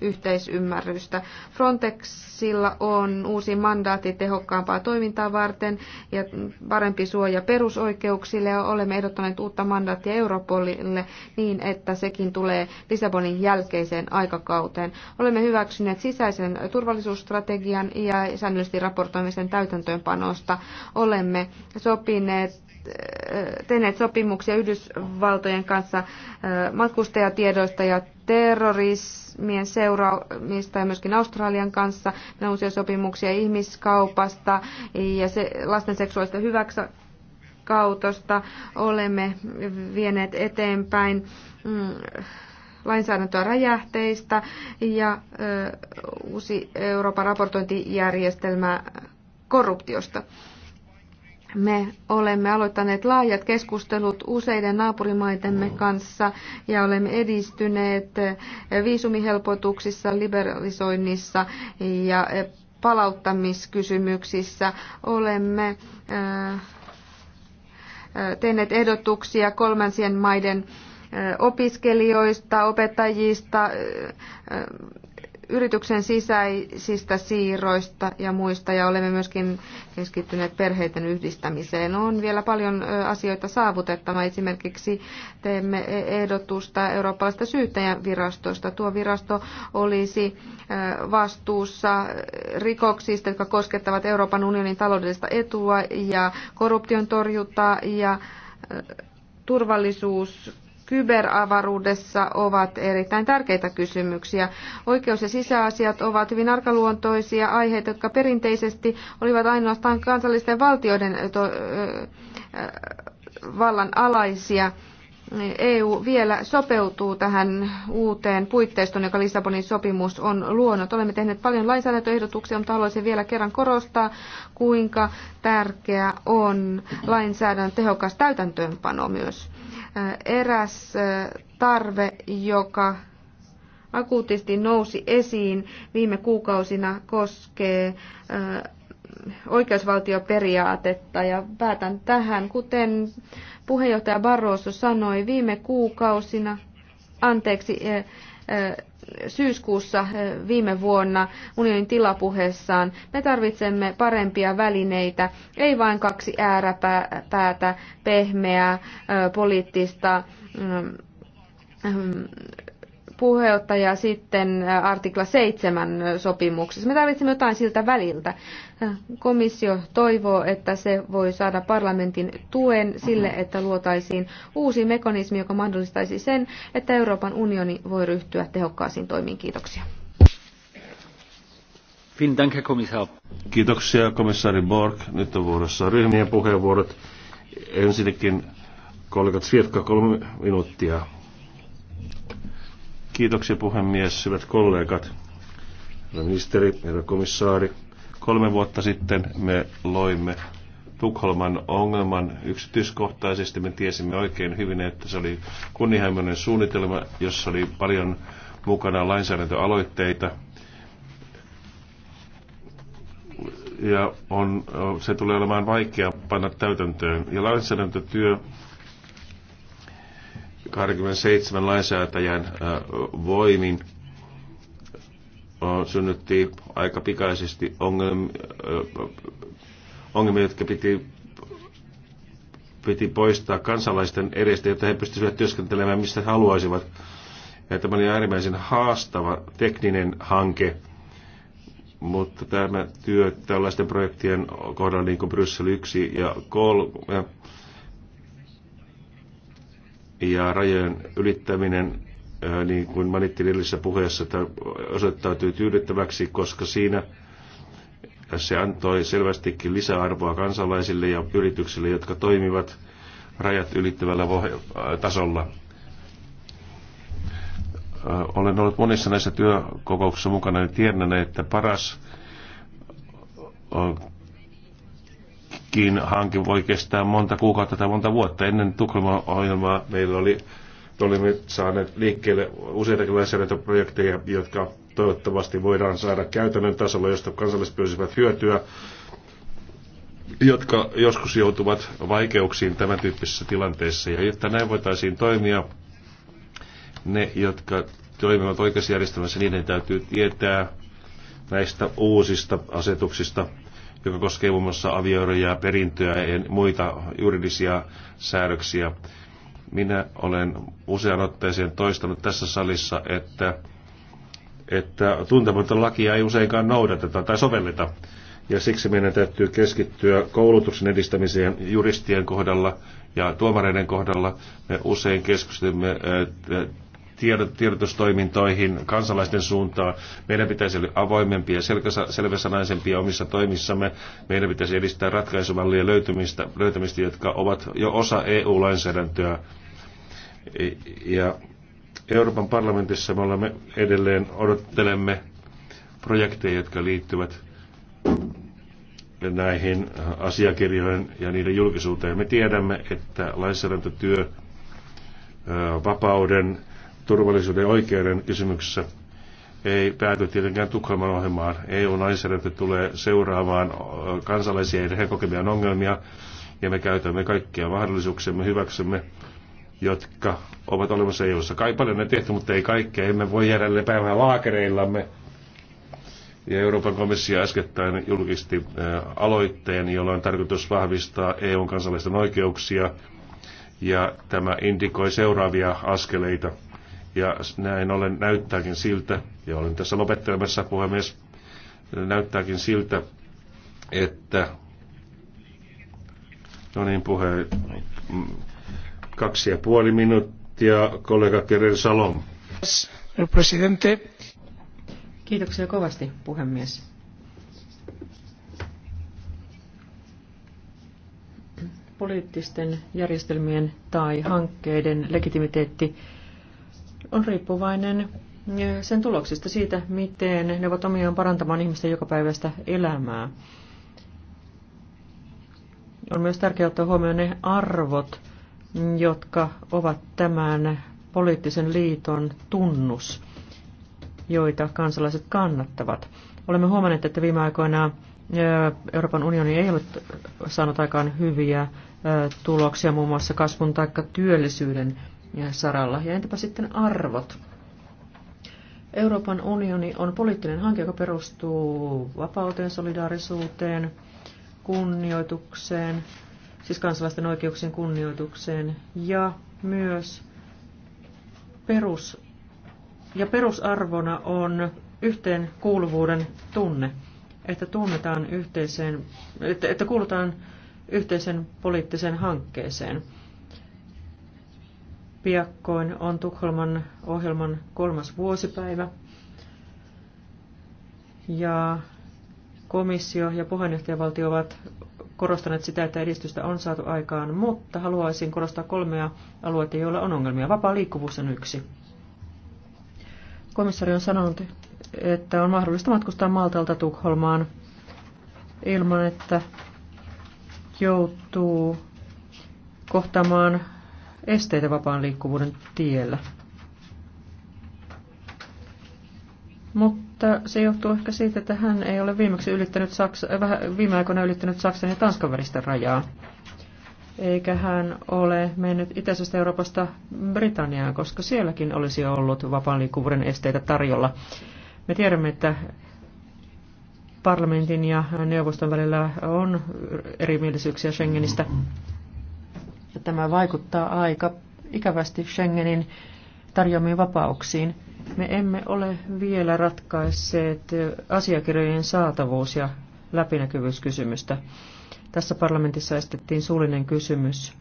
[SPEAKER 1] yhteisymmärrystä. Frontexilla on uusi mandaatti tehokkaampaa toimintaa varten ja parempi suoja perusoikeuksille ja olemme ehdottaneet uutta mandaattia Europolille niin, että sekin tulee Lissabonin jälkeiseen aikakauteen. Olemme hyväksyneet sisäisen turvallisuusstrategian ja säännöllisesti raportoimisen täytäntöönpanosta. Olemme sopineet Eh, tehneet sopimuksia Yhdysvaltojen kanssa eh, matkustajatiedoista ja terrorismien seuraamista ja myöskin Australian kanssa. ne on uusia sopimuksia ihmiskaupasta ja se, lasten seksuaalista kautosta Olemme vieneet eteenpäin mm, lainsäädäntöä räjähteistä ja eh, uusi Euroopan raportointijärjestelmä korruptiosta. Me olemme aloittaneet laajat keskustelut useiden naapurimaitemme kanssa ja olemme edistyneet viisumihelpotuksissa, liberalisoinnissa ja palauttamiskysymyksissä. Olemme äh, tehneet ehdotuksia kolmansien maiden äh, opiskelijoista, opettajista, äh, yrityksen sisäisistä siirroista ja muista, ja olemme myöskin keskittyneet perheiden yhdistämiseen. On vielä paljon asioita saavutettava. Esimerkiksi teemme e- ehdotusta eurooppalaisesta virastosta. Tuo virasto olisi vastuussa rikoksista, jotka koskettavat Euroopan unionin taloudellista etua ja korruption torjuntaa ja turvallisuus kyberavaruudessa ovat erittäin tärkeitä kysymyksiä. Oikeus- ja sisäasiat ovat hyvin arkaluontoisia aiheita, jotka perinteisesti olivat ainoastaan kansallisten valtioiden to, vallan alaisia. EU vielä sopeutuu tähän uuteen puitteistoon, joka Lissabonin sopimus on luonut. Olemme tehneet paljon lainsäädäntöehdotuksia, mutta haluaisin vielä kerran korostaa, kuinka tärkeä on lainsäädännön tehokas täytäntöönpano myös. Äh, eräs äh, tarve, joka akuutisti nousi esiin viime kuukausina, koskee äh, oikeusvaltioperiaatetta ja päätän tähän. Kuten puheenjohtaja Barroso sanoi, viime kuukausina, anteeksi, syyskuussa eh, viime vuonna unionin tilapuheessaan. Me tarvitsemme parempia välineitä, ei vain kaksi ääräpäätä, pehmeää eh, poliittista mm, mm, puheenjohtaja sitten äh, artikla 7 äh, sopimuksessa. Me tarvitsemme jotain siltä väliltä. Äh, komissio toivoo, että se voi saada parlamentin tuen sille, että luotaisiin uusi mekanismi, joka mahdollistaisi sen, että Euroopan unioni voi ryhtyä tehokkaisiin toimiin. Kiitoksia.
[SPEAKER 2] Kiitoksia komissaari Borg. Nyt on vuorossa ryhmien puheenvuorot. Ensinnäkin kollegat Svietka kolme minuuttia. Kiitoksia puhemies, hyvät kollegat, herra ministeri, herra komissaari. Kolme vuotta sitten me loimme Tukholman ongelman yksityiskohtaisesti. Me tiesimme oikein hyvin, että se oli kunnianhimoinen suunnitelma, jossa oli paljon mukana lainsäädäntöaloitteita. Ja on, se tulee olemaan vaikea panna täytäntöön. Ja lainsäädäntötyö 27 lainsäätäjän voimin synnytti aika pikaisesti ongelmia, ongelmia jotka piti, piti poistaa kansalaisten edestä, jotta he pystyisivät työskentelemään missä haluaisivat. Ja tämä oli äärimmäisen haastava tekninen hanke, mutta tämä työ tällaisten projektien kohdalla, niin kuin Bryssel 1 ja 3, ja rajojen ylittäminen, niin kuin mainittiin edellisessä puheessa, osoittautui tyydyttäväksi, koska siinä se antoi selvästikin lisäarvoa kansalaisille ja yrityksille, jotka toimivat rajat ylittävällä tasolla. Olen ollut monissa näissä työkokouksissa mukana ja tiedän, että paras Turkkiin hanke voi kestää monta kuukautta tai monta vuotta. Ennen Tukholman ohjelmaa meillä oli, olimme saaneet liikkeelle useita lainsäädäntöprojekteja, jotka toivottavasti voidaan saada käytännön tasolla, josta kansalliset pyysivät hyötyä jotka joskus joutuvat vaikeuksiin tämän tyyppisissä tilanteissa. Ja jotta näin voitaisiin toimia, ne, jotka toimivat oikeusjärjestelmässä, niiden täytyy tietää näistä uusista asetuksista joka koskee muun muassa avioeroja, perintöä ja muita juridisia säädöksiä. Minä olen usean otteeseen toistanut tässä salissa, että, että tuntematon lakia ei useinkaan noudateta tai sovelleta. Ja siksi meidän täytyy keskittyä koulutuksen edistämiseen juristien kohdalla ja tuomareiden kohdalla. Me usein keskustelemme tiedotustoimintoihin kansalaisten suuntaan. Meidän pitäisi olla avoimempia ja selväsanaisempia omissa toimissamme. Meidän pitäisi edistää ratkaisumallien löytymistä, löytämistä, jotka ovat jo osa EU-lainsäädäntöä. Ja Euroopan parlamentissa me olemme edelleen odottelemme projekteja, jotka liittyvät näihin asiakirjoihin ja niiden julkisuuteen. Me tiedämme, että lainsäädäntötyö vapauden turvallisuuden oikeuden kysymyksessä ei pääty tietenkään Tukholman ohjelmaan. EU-lainsäädäntö tulee seuraamaan kansalaisia ja heidän kokemiaan ongelmia, ja me käytämme kaikkia mahdollisuuksia, me hyväksymme, jotka ovat olemassa EU-ssa. Kai paljon ne tehty, mutta ei kaikkea. Emme voi jäädä lepäämään laakereillamme. Ja Euroopan komissio äskettäin julkisti aloitteen, jolla on tarkoitus vahvistaa eu kansalaisten oikeuksia, ja tämä indikoi seuraavia askeleita – ja näin olen näyttääkin siltä, ja olen tässä lopettelemassa puhemies, näyttääkin siltä, että no niin puhe, kaksi ja puoli minuuttia, kollega Kerer
[SPEAKER 5] Salom.
[SPEAKER 3] Presidente. Kiitoksia kovasti, puhemies. Poliittisten järjestelmien tai hankkeiden legitimiteetti on riippuvainen eh, sen tuloksista siitä, miten ne ovat omiaan parantamaan ihmisten jokapäiväistä elämää. On myös tärkeää ottaa huomioon ne arvot, jotka ovat tämän poliittisen liiton tunnus, joita kansalaiset kannattavat. Olemme huomanneet, että viime aikoina eh, Euroopan unioni ei ole saanut aikaan hyviä eh, tuloksia muun muassa kasvun tai työllisyyden saralla. Ja entäpä sitten arvot? Euroopan unioni on poliittinen hanke, joka perustuu vapauteen, solidaarisuuteen, kunnioitukseen, siis kansalaisten oikeuksien kunnioitukseen ja myös perus, ja perusarvona on yhteenkuuluvuuden tunne, että tunnetaan yhteiseen, että, että kuulutaan yhteisen poliittiseen hankkeeseen. Piakkoin on Tukholman ohjelman kolmas vuosipäivä. Ja komissio ja puheenjohtajavaltio ovat korostaneet sitä, että edistystä on saatu aikaan, mutta haluaisin korostaa kolmea aluetta, joilla on ongelmia. Vapaa liikkuvuus on yksi. Komissari on sanonut, että on mahdollista matkustaa Maltalta Tukholmaan ilman, että joutuu kohtaamaan esteitä vapaan liikkuvuuden tiellä. Mutta se johtuu ehkä siitä, että hän ei ole viimeksi ylittänyt Saksa, äh, vähän viime aikoina ylittänyt Saksan ja Tanskan välistä rajaa. Eikä hän ole mennyt itäisestä Euroopasta Britanniaan, koska sielläkin olisi ollut vapaan liikkuvuuden esteitä tarjolla. Me tiedämme, että parlamentin ja neuvoston välillä on erimielisyyksiä Schengenistä ja tämä vaikuttaa aika ikävästi Schengenin tarjoamiin vapauksiin. Me emme ole vielä ratkaisseet asiakirjojen saatavuus- ja läpinäkyvyyskysymystä. Tässä parlamentissa estettiin suullinen kysymys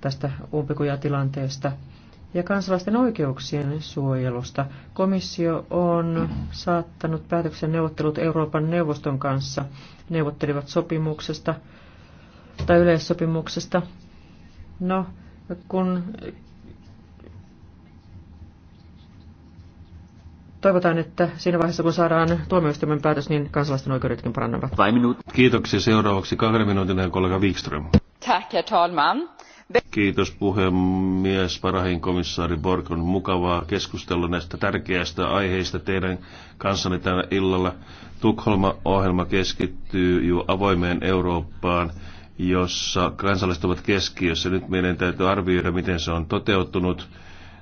[SPEAKER 3] tästä umpikujatilanteesta ja kansalaisten oikeuksien suojelusta. Komissio on saattanut päätöksen neuvottelut Euroopan neuvoston kanssa. Neuvottelivat sopimuksesta tai yleissopimuksesta No, kun toivotaan, että siinä vaiheessa kun saadaan tuomioistuimen päätös, niin kansalaisten oikeudetkin parannavat.
[SPEAKER 2] Kiitoksia seuraavaksi kahden minuutin kollega Wikström.
[SPEAKER 5] Tack, herr talman.
[SPEAKER 2] Kiitos puhemies, parahin komissaari Borg. On mukavaa keskustella näistä tärkeästä aiheista teidän kanssanne tänä illalla. Tukholma-ohjelma keskittyy jo avoimeen Eurooppaan jossa kansalaiset ovat keskiössä. Nyt meidän täytyy arvioida, miten se on toteutunut,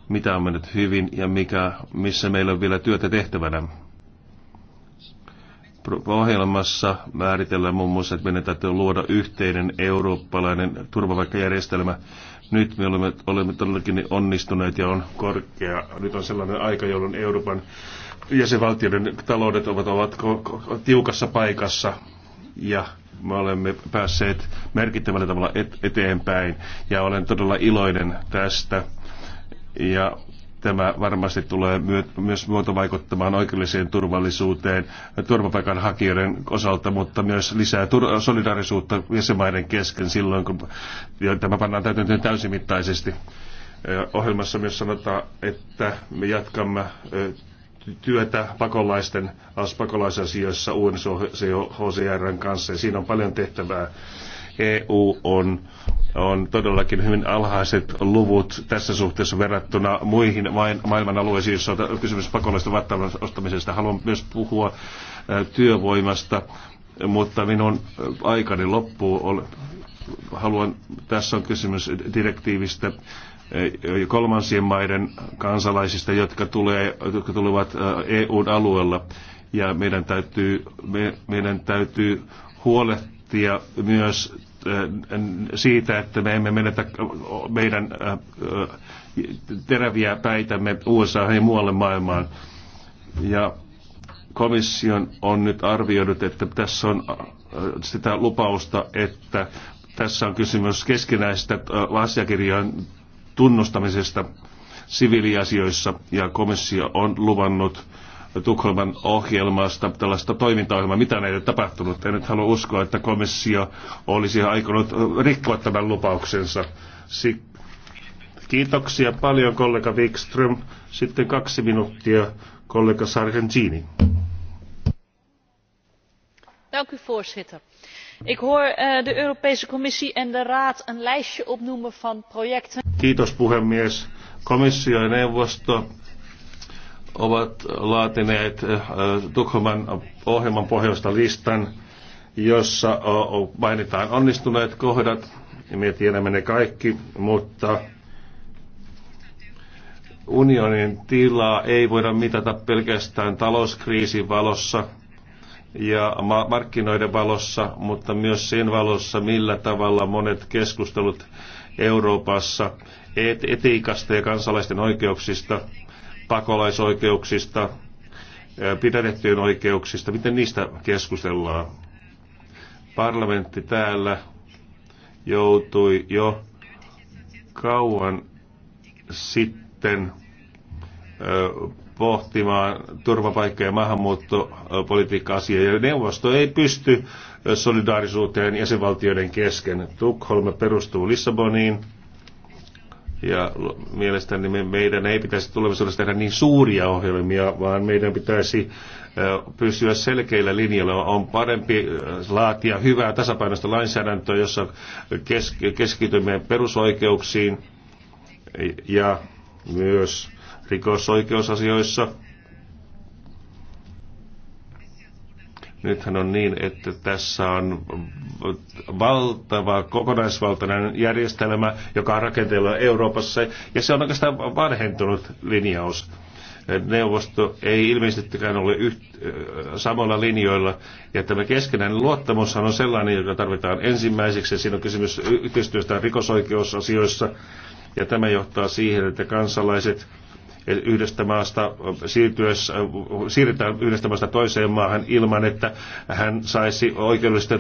[SPEAKER 2] mitä on mennyt hyvin ja mikä, missä meillä on vielä työtä tehtävänä. Ohjelmassa määritellään muun muassa, että meidän täytyy luoda yhteinen eurooppalainen turvapaikkajärjestelmä. Nyt me olemme, olemme todellakin onnistuneet ja on korkea. Nyt on sellainen aika, jolloin Euroopan jäsenvaltioiden taloudet ovat, ovat tiukassa paikassa ja me olemme päässeet merkittävällä tavalla eteenpäin ja olen todella iloinen tästä. Ja tämä varmasti tulee myös muotovaikuttamaan oikeudelliseen turvallisuuteen turvapaikanhakijoiden osalta, mutta myös lisää tur- solidaarisuutta jäsenmaiden kesken silloin, kun tämä pannaan täytäntöön täysimittaisesti. Ohjelmassa myös sanotaan, että me jatkamme työtä pakolaisten pakolaisasioissa UNHCRn kanssa ja siinä on paljon tehtävää. EU on, on todellakin hyvin alhaiset luvut tässä suhteessa verrattuna muihin maailman alueisiin, joissa on kysymys pakolaisten vastaanottamisesta. Haluan myös puhua työvoimasta, mutta minun aikani loppuu. Haluan, tässä on kysymys direktiivistä, kolmansien maiden kansalaisista, jotka, tulee, jotka tulevat EUn alueella. Ja meidän täytyy, me, meidän täytyy huolehtia myös siitä, että me emme menetä meidän teräviä päitämme USA ja muualle maailmaan. Ja komission on nyt arvioinut, että tässä on sitä lupausta, että tässä on kysymys keskinäistä asiakirjojen tunnustamisesta siviiliasioissa ja komissio on luvannut Tukholman ohjelmasta tällaista toimintaohjelmaa. Mitä näille tapahtunut? En nyt halua uskoa, että komissio olisi aikonut rikkoa tämän lupauksensa. Si- Kiitoksia paljon kollega Wikström. Sitten kaksi minuuttia kollega Sargentini.
[SPEAKER 3] Dank u voorzitter ik hoor eh, de Europese Commissie en de Raad een lijstje opnoemen van projecten.
[SPEAKER 2] Kiitos puhemies. Komissio ja neuvosto ovat laatineet eh, Tukholman ohjelman pohjoista listan, jossa mainitaan onnistuneet kohdat. Me tiedämme ne kaikki, mutta unionin tilaa ei voida mitata pelkästään talouskriisin valossa – ja markkinoiden valossa, mutta myös sen valossa, millä tavalla monet keskustelut Euroopassa etiikasta ja kansalaisten oikeuksista, pakolaisoikeuksista, pidätettyjen oikeuksista, miten niistä keskustellaan. Parlamentti täällä joutui jo kauan sitten pohtimaan turvapaikka- ja maahanmuuttopolitiikka-asiaa, ja neuvosto ei pysty solidaarisuuteen jäsenvaltioiden kesken. Tukholma perustuu Lissaboniin, ja mielestäni me, meidän ei pitäisi tulevaisuudessa tehdä niin suuria ohjelmia, vaan meidän pitäisi pysyä selkeillä linjoilla. On parempi laatia hyvää tasapainoista lainsäädäntöä, jossa keskitymme perusoikeuksiin ja myös rikosoikeusasioissa. Nythän on niin, että tässä on valtava kokonaisvaltainen järjestelmä, joka on rakenteella Euroopassa, ja se on oikeastaan vanhentunut linjaus neuvosto ei ilmeisestikään ole yht, äh, samalla linjoilla. Ja tämä keskenäinen luottamus on sellainen, joka tarvitaan ensimmäiseksi. Ja siinä on kysymys yhteistyöstä rikosoikeusasioissa. Ja tämä johtaa siihen, että kansalaiset yhdestä maasta siirtyessä, siirretään yhdestä maasta toiseen maahan ilman, että hän saisi oikeudellista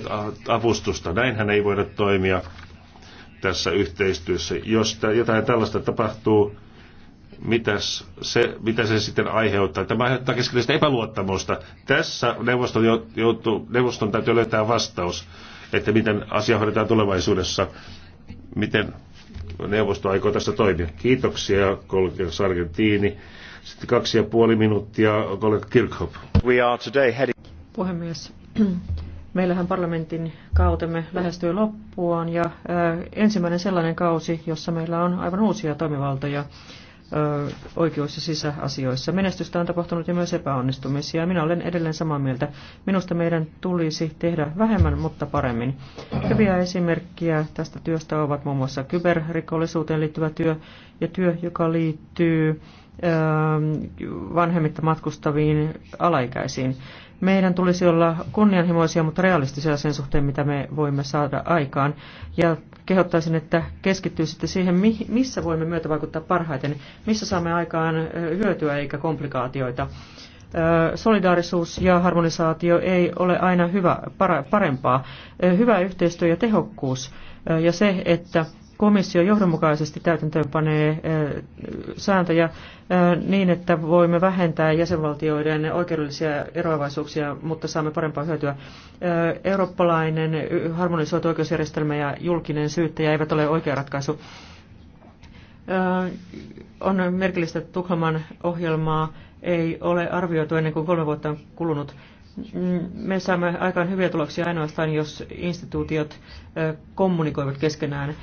[SPEAKER 2] avustusta. Näin hän ei voida toimia tässä yhteistyössä. Jos jotain tällaista tapahtuu, mitäs se, mitä se sitten aiheuttaa. Tämä aiheuttaa keskeistä epäluottamusta. Tässä neuvoston, joutuu, neuvoston täytyy löytää vastaus, että miten asia hoidetaan tulevaisuudessa. Miten neuvosto aikoo tässä toimia. Kiitoksia, kollega Sargentini. Sitten kaksi ja puoli minuuttia, kollega Kirchhoff. We are today heading...
[SPEAKER 3] Puhemies, meillähän parlamentin kautemme lähestyy loppuaan ja ensimmäinen sellainen kausi, jossa meillä on aivan uusia toimivaltoja oikeus- ja sisäasioissa. Menestystä on tapahtunut ja myös epäonnistumisia. Minä olen edelleen samaa mieltä. Minusta meidän tulisi tehdä vähemmän, mutta paremmin. Hyviä esimerkkejä tästä työstä ovat muun muassa kyberrikollisuuteen liittyvä työ ja työ, joka liittyy vanhemmitta matkustaviin alaikäisiin. Meidän tulisi olla kunnianhimoisia, mutta realistisia sen suhteen, mitä me voimme saada aikaan. Ja kehottaisin, että keskittyisitte siihen, missä voimme vaikuttaa parhaiten, missä saamme aikaan hyötyä eikä komplikaatioita solidaarisuus ja harmonisaatio ei ole aina hyvä, parempaa. Hyvä yhteistyö ja tehokkuus ja se, että komissio johdonmukaisesti panee eh, sääntöjä eh, niin, että voimme vähentää jäsenvaltioiden oikeudellisia eroavaisuuksia, mutta saamme parempaa hyötyä. Eh, eurooppalainen harmonisoitu oikeusjärjestelmä ja julkinen syyttäjä eivät ole oikea ratkaisu. On merkillistä, että Tukholman ohjelmaa ei ole arvioitu ennen kuin kolme vuotta on kulunut me saamme aikaan hyviä tuloksia ainoastaan, jos instituutiot kommunikoivat keskenään.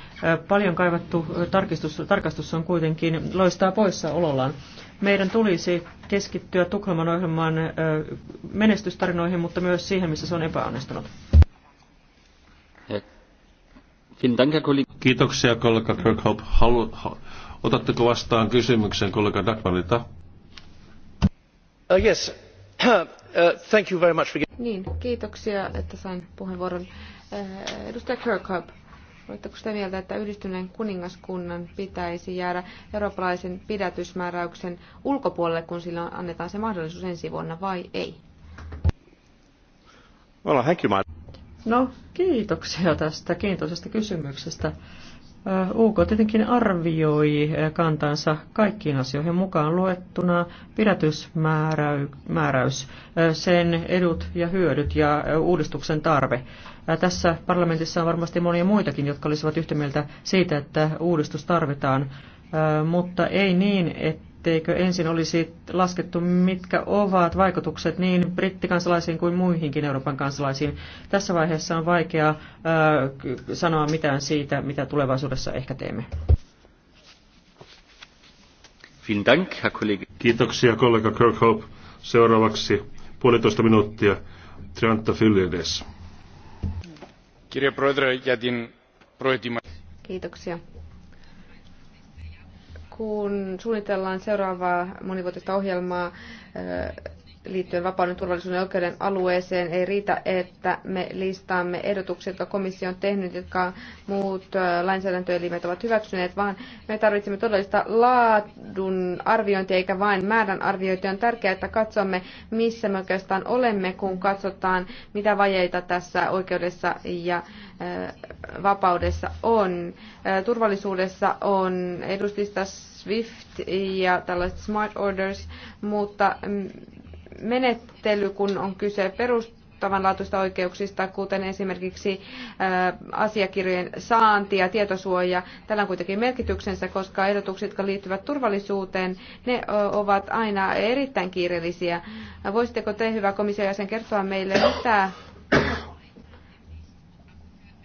[SPEAKER 3] Paljon kaivattu tarkistus, tarkastus on kuitenkin loistaa poissa olollaan. Meidän tulisi keskittyä Tukholman ohjelman menestystarinoihin, mutta myös siihen, missä se on epäonnistunut.
[SPEAKER 2] Kiitoksia kollega Kirkhope. Halu, otatteko vastaan kysymyksen kollega Dagmarita?
[SPEAKER 6] Uh, yes. Uh, thank you very much for... Niin,
[SPEAKER 1] kiitoksia, että sain puheenvuoron. Uh, edustaja Kirkhope, oletteko sitä mieltä, että yhdistyneen kuningaskunnan pitäisi jäädä eurooppalaisen pidätysmääräyksen ulkopuolelle, kun sille annetaan se mahdollisuus ensi vuonna, vai ei?
[SPEAKER 3] No, kiitoksia tästä kiintoisesta kysymyksestä. UK tietenkin arvioi kantansa kaikkiin asioihin mukaan luettuna pidätysmääräys, sen edut ja hyödyt ja uudistuksen tarve. Tässä parlamentissa on varmasti monia muitakin, jotka olisivat yhtä mieltä siitä, että uudistus tarvitaan, mutta ei niin, että etteikö ensin olisi laskettu, mitkä ovat vaikutukset niin brittikansalaisiin kuin muihinkin Euroopan kansalaisiin. Tässä vaiheessa on vaikea ää, sanoa mitään siitä, mitä tulevaisuudessa ehkä teemme.
[SPEAKER 2] Kiitoksia kollega Kirkhope. Seuraavaksi puolitoista minuuttia Trianta Fylides.
[SPEAKER 1] Kiitoksia kun suunnitellaan seuraavaa monivuotista ohjelmaa liittyen vapauden, turvallisuuden ja oikeuden alueeseen ei riitä, että me listaamme ehdotukset, jotka komissio on tehnyt, jotka muut lainsäädäntöelimet ovat hyväksyneet, vaan me tarvitsemme todellista laadun arviointia eikä vain määrän arviointia. On tärkeää, että katsomme, missä me oikeastaan olemme, kun katsotaan, mitä vajeita tässä oikeudessa ja vapaudessa on. Turvallisuudessa on edustista SWIFT ja tällaiset smart orders, mutta menettely, kun on kyse perustavanlaatuista oikeuksista, kuten esimerkiksi asiakirjojen saanti ja tietosuoja. Tällä on kuitenkin merkityksensä, koska ehdotukset, jotka liittyvät turvallisuuteen, ne ovat aina erittäin kiireellisiä. Voisitteko te, hyvä komission jäsen, kertoa meille, mitä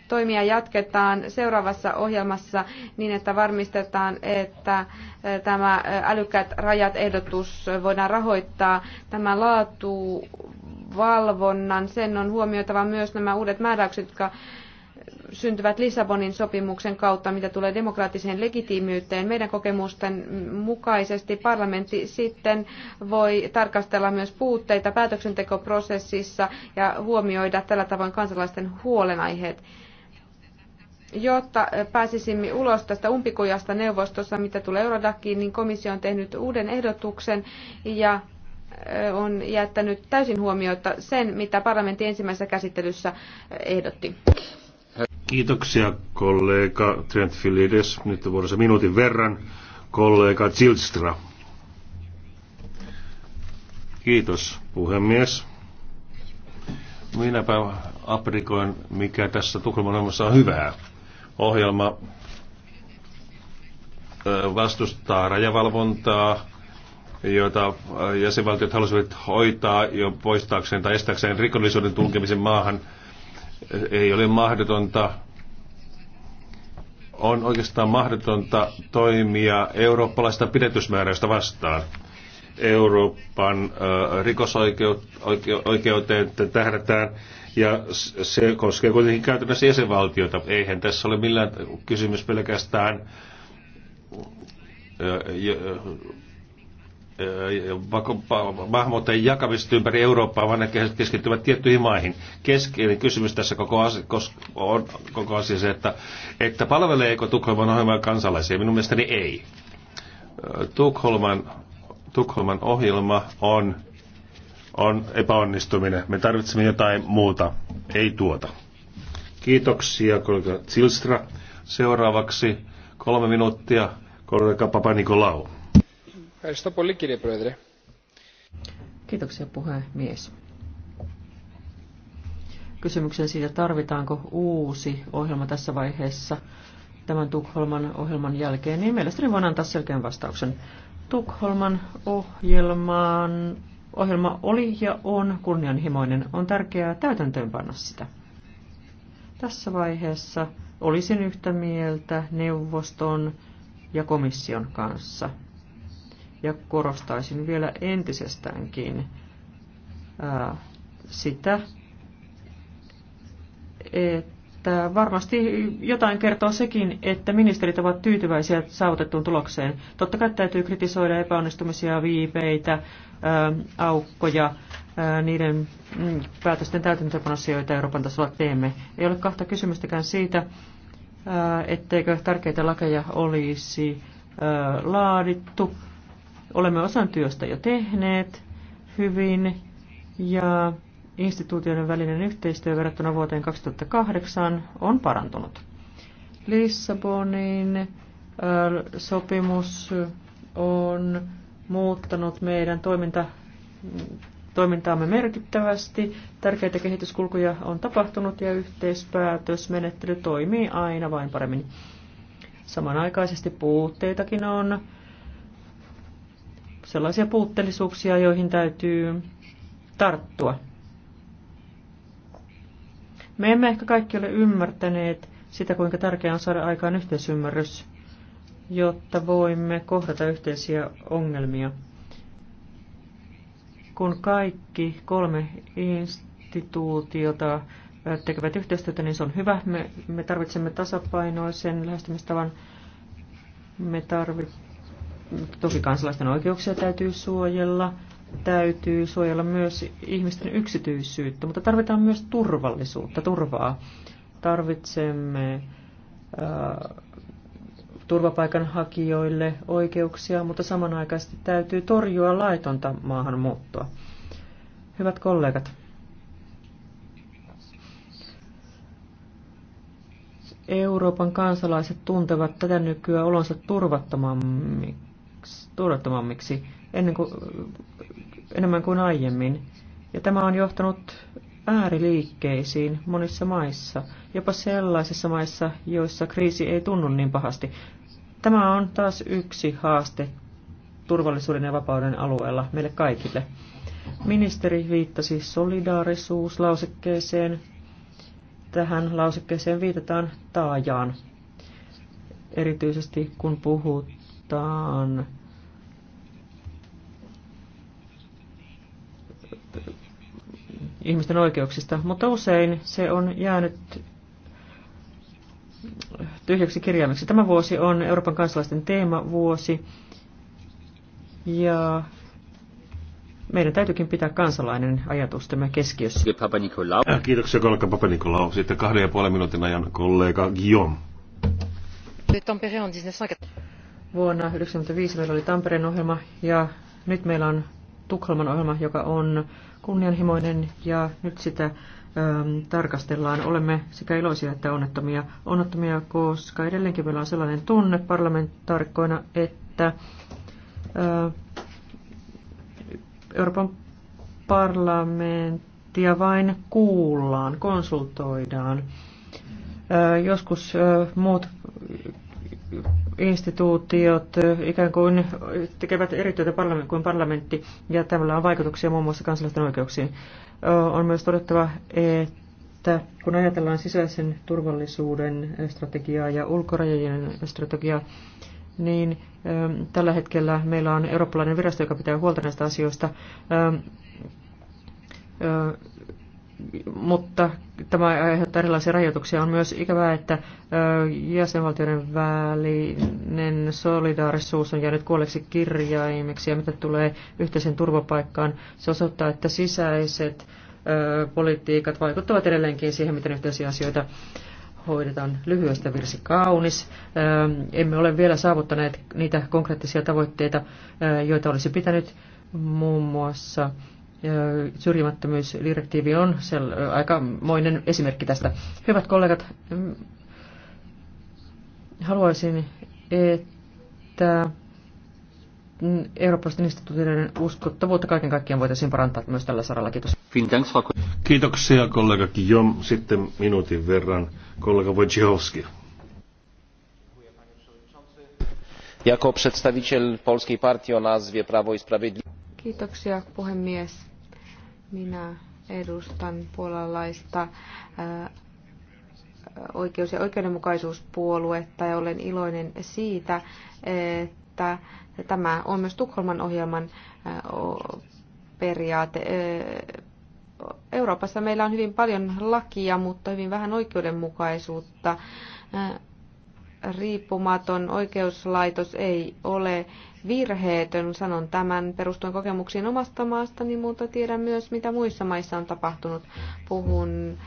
[SPEAKER 1] toimia jatketaan seuraavassa ohjelmassa niin, että varmistetaan, että tämä älykkäät rajat ehdotus voidaan rahoittaa. Tämä laatu valvonnan, sen on huomioitava myös nämä uudet määräykset, jotka syntyvät Lissabonin sopimuksen kautta, mitä tulee demokraattiseen legitiimiyteen. Meidän kokemusten mukaisesti parlamentti sitten voi tarkastella myös puutteita päätöksentekoprosessissa ja huomioida tällä tavoin kansalaisten huolenaiheet. Jotta eh, pääsisimme ulos tästä umpikujasta neuvostossa, mitä tulee Eurodakiin, niin komissio on tehnyt uuden ehdotuksen ja eh, on jättänyt täysin huomiota sen, mitä parlamentti ensimmäisessä käsittelyssä eh, ehdotti.
[SPEAKER 2] Kiitoksia kollega Trent Filides. Nyt on vuorossa minuutin verran kollega Zilstra. Kiitos puhemies. Minäpä aprikoin, mikä tässä Tukholman on hyvää ohjelma vastustaa rajavalvontaa, joita jäsenvaltiot halusivat hoitaa jo poistaakseen tai estääkseen rikollisuuden tunkemisen maahan. Ei ole mahdotonta on oikeastaan mahdotonta toimia eurooppalaista pidetysmääräystä vastaan. Euroopan rikosoikeuteen tähdätään ja se koskee kuitenkin käytännössä jäsenvaltiota. Eihän tässä ole millään kysymys pelkästään maahanmuuttajien jakamista ympäri Eurooppaa, vaan ne keskittyvät tiettyihin maihin. Keskeinen kysymys tässä koko asia, on koko asia se, että, että palveleeko Tukholman ohjelma kansalaisia? Minun mielestäni ei. Tukholman, Tukholman ohjelma on on epäonnistuminen. Me tarvitsemme jotain muuta, ei tuota. Kiitoksia, kollega Zilstra. Seuraavaksi kolme minuuttia, kollega Papanikolaou.
[SPEAKER 3] Kiitoksia puhemies. Kysymyksen siitä, tarvitaanko uusi ohjelma tässä vaiheessa tämän Tukholman ohjelman jälkeen, niin mielestäni voin antaa selkeän vastauksen. Tukholman ohjelman Ohjelma oli ja on kunnianhimoinen. On tärkeää täytäntöönpanna sitä. Tässä vaiheessa olisin yhtä mieltä neuvoston ja komission kanssa. Ja korostaisin vielä entisestäänkin ää, sitä, että että varmasti jotain kertoo sekin, että ministerit ovat tyytyväisiä saavutettuun tulokseen. Totta kai täytyy kritisoida epäonnistumisia, viipeitä, aukkoja, niiden mm, päätösten täytäntöpanossa, joita Euroopan tasolla teemme. Ei ole kahta kysymystäkään siitä, etteikö tärkeitä lakeja olisi laadittu. Olemme osan työstä jo tehneet hyvin ja instituutioiden välinen yhteistyö verrattuna vuoteen 2008 on parantunut. Lissabonin sopimus on muuttanut meidän toiminta, toimintaamme merkittävästi. Tärkeitä kehityskulkuja on tapahtunut ja yhteispäätösmenettely toimii aina vain paremmin. Samanaikaisesti puutteitakin on sellaisia puutteellisuuksia, joihin täytyy tarttua. Me emme ehkä kaikki ole ymmärtäneet sitä, kuinka tärkeää on saada aikaan yhteisymmärrys, jotta voimme kohdata yhteisiä ongelmia. Kun kaikki kolme instituutiota tekevät yhteistyötä, niin se on hyvä. Me, me tarvitsemme tasapainoisen lähestymistavan. Me tarvitsemme Toki kansalaisten oikeuksia täytyy suojella täytyy suojella myös ihmisten yksityisyyttä, mutta tarvitaan myös turvallisuutta, turvaa. Tarvitsemme äh, turvapaikanhakijoille oikeuksia, mutta samanaikaisesti täytyy torjua laitonta maahanmuuttoa. Hyvät kollegat, Euroopan kansalaiset tuntevat tätä nykyään olonsa turvattomammiksi, turvattomammiksi ennen kuin enemmän kuin aiemmin. Ja tämä on johtanut ääriliikkeisiin monissa maissa, jopa sellaisissa maissa, joissa kriisi ei tunnu niin pahasti. Tämä on taas yksi haaste turvallisuuden ja vapauden alueella meille kaikille. Ministeri viittasi solidaarisuuslausekkeeseen. Tähän lausekkeeseen viitataan taajaan, erityisesti kun puhutaan ihmisten oikeuksista, mutta usein se on jäänyt tyhjäksi kirjaimeksi. Tämä vuosi on Euroopan kansalaisten teemavuosi ja meidän täytyykin pitää kansalainen ajatustemme keskiössä.
[SPEAKER 2] Kiitoksia äh, kollega Papa Nikolaou. Sitten kahden ja puolen minuutin ajan kollega Guillaume.
[SPEAKER 3] Vuonna 1995 meillä oli Tampereen ohjelma ja nyt meillä on Tukholman ohjelma, joka on kunnianhimoinen ja nyt sitä äm, tarkastellaan. Olemme sekä iloisia että onnettomia, onnettomia, koska edelleenkin meillä on sellainen tunne parlamentaarikkoina, että ää, äh, Euroopan parlamenttia vain kuullaan, konsultoidaan. Ää, äh, joskus ää, äh, muut instituutiot ikään kuin tekevät eri työtä kuin parlamentti, ja tällä on vaikutuksia muun muassa kansalaisten oikeuksiin. On myös todettava, että kun ajatellaan sisäisen turvallisuuden strategiaa ja ulkorajojen strategiaa, niin tällä hetkellä meillä on eurooppalainen virasto, joka pitää huolta näistä asioista mutta tämä aiheuttaa erilaisia rajoituksia. On myös ikävää, että jäsenvaltioiden välinen solidaarisuus on jäänyt kuolleeksi kirjaimeksi ja mitä tulee yhteisen turvapaikkaan, se osoittaa, että sisäiset politiikat vaikuttavat edelleenkin siihen, miten yhteisiä asioita hoidetaan lyhyestä virsi kaunis. Emme ole vielä saavuttaneet niitä konkreettisia tavoitteita, joita olisi pitänyt muun muassa syrjimättömyysdirektiivi on sel- moinen esimerkki tästä. Hyvät kollegat, mm, haluaisin, että mm, Euroopan instituutioiden uskottavuutta kaiken kaikkiaan voitaisiin parantaa myös tällä saralla. Kiitos.
[SPEAKER 5] Kiitoksia
[SPEAKER 2] kollega Kijom. Sitten minuutin verran kollega Wojciechowski.
[SPEAKER 6] Jako przedstawiciel Polskiej Partii o nazwie Prawo i Sprawiedliwość.
[SPEAKER 1] Kiitoksia puhemies minä edustan puolalaista oikeus- ja oikeudenmukaisuuspuoluetta ja olen iloinen siitä, että tämä on myös Tukholman ohjelman periaate. Euroopassa meillä on hyvin paljon lakia, mutta hyvin vähän oikeudenmukaisuutta. Riippumaton oikeuslaitos ei ole virheetön, sanon tämän perustuen kokemuksiin omasta maastani, mutta tiedän myös, mitä muissa maissa on tapahtunut. Puhun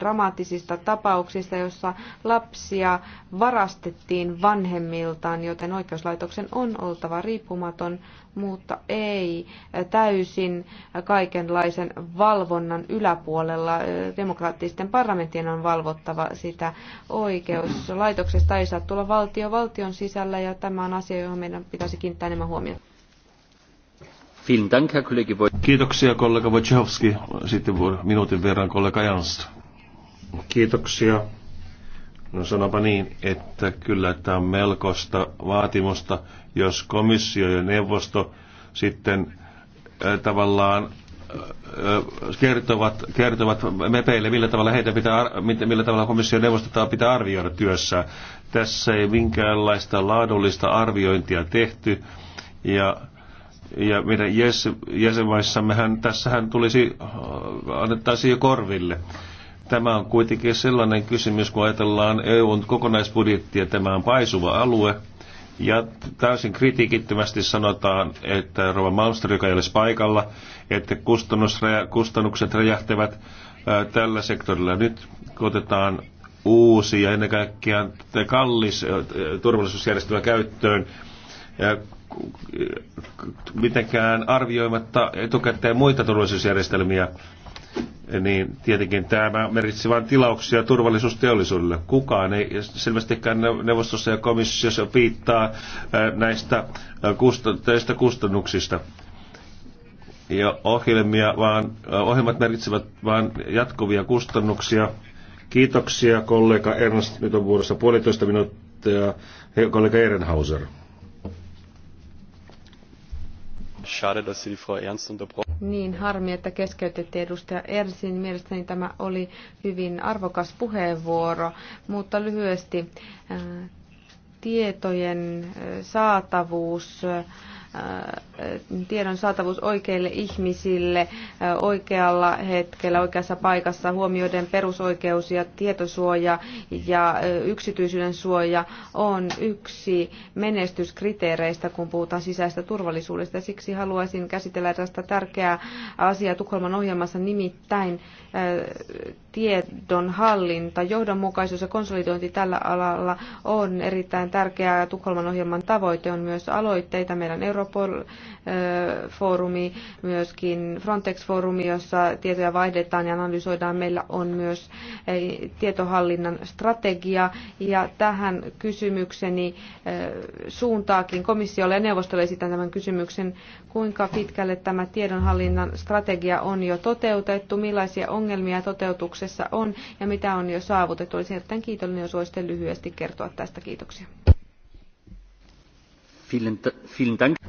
[SPEAKER 1] dramaattisista tapauksista, jossa lapsia varastettiin vanhemmiltaan, joten oikeuslaitoksen on oltava riippumaton, mutta ei täysin kaikenlaisen valvonnan yläpuolella. Demokraattisten parlamenttien on valvottava sitä oikeuslaitoksesta. Ei saa tulla valtio valtion sisällä ja tämä on asia, johon meidän pitäisi kiinnittää enemmän huomiota.
[SPEAKER 2] Kiitoksia kollega Wojciechowski. Sitten minuutin verran kollega Janst. Kiitoksia. No sanopa niin, että kyllä tämä on melkoista vaatimusta, jos komissio ja neuvosto sitten äh, tavallaan kertovat, kertovat mepeille, millä tavalla heitä pitää, millä tavalla komissio ja neuvosto pitää arvioida työssä. Tässä ei minkäänlaista laadullista arviointia tehty. Ja, ja meidän jäsenmaissammehän, tässähän tulisi, annettaisiin jo korville. Tämä on kuitenkin sellainen kysymys, kun ajatellaan EUn kokonaisbudjettia, tämä on paisuva alue. Ja täysin kritiikittömästi sanotaan, että Rova Malmström, joka ei olisi paikalla, että kustannukset räjähtävät tällä sektorilla. Nyt otetaan uusi ja ennen kaikkea kallis turvallisuusjärjestelmä käyttöön mitenkään arvioimatta etukäteen muita turvallisuusjärjestelmiä niin tietenkin tämä merkitsi vain tilauksia turvallisuusteollisuudelle. Kukaan ei selvästikään neuvostossa ja komissiossa piittaa näistä tästä kustannuksista ja ohjelmia, vaan ohjelmat merkitsevät vain jatkuvia kustannuksia. Kiitoksia kollega Ernst, nyt on vuorossa puolitoista minuuttia, kollega Ehrenhauser.
[SPEAKER 5] Schade, dass Sie die Frau Ernst unterbrochen.
[SPEAKER 1] Niin, harmi, että keskeytettiin edustaja Ersin. Mielestäni tämä oli hyvin arvokas puheenvuoro, mutta lyhyesti äh, tietojen äh, saatavuus äh, Äh, tiedon saatavuus oikeille ihmisille äh, oikealla hetkellä, oikeassa paikassa huomioiden perusoikeus ja tietosuoja ja äh, yksityisyyden suoja on yksi menestyskriteereistä, kun puhutaan sisäistä turvallisuudesta. Siksi haluaisin käsitellä tästä tärkeää asiaa Tukholman ohjelmassa, nimittäin tiedon hallinta, johdonmukaisuus ja konsolidointi tällä alalla on erittäin tärkeää. Tukholman ohjelman tavoite on myös aloitteita meidän Euroopan Europol-foorumi, myöskin Frontex-foorumi, jossa tietoja vaihdetaan ja analysoidaan. Meillä on myös tietohallinnan strategia ja tähän kysymykseni suuntaakin komissiolle ja neuvostolle esitän tämän kysymyksen, kuinka pitkälle tämä tiedonhallinnan strategia on jo toteutettu, millaisia ongelmia toteutuksessa on ja mitä on jo saavutettu. Olisin erittäin kiitollinen, jos voisitte lyhyesti kertoa tästä. Kiitoksia.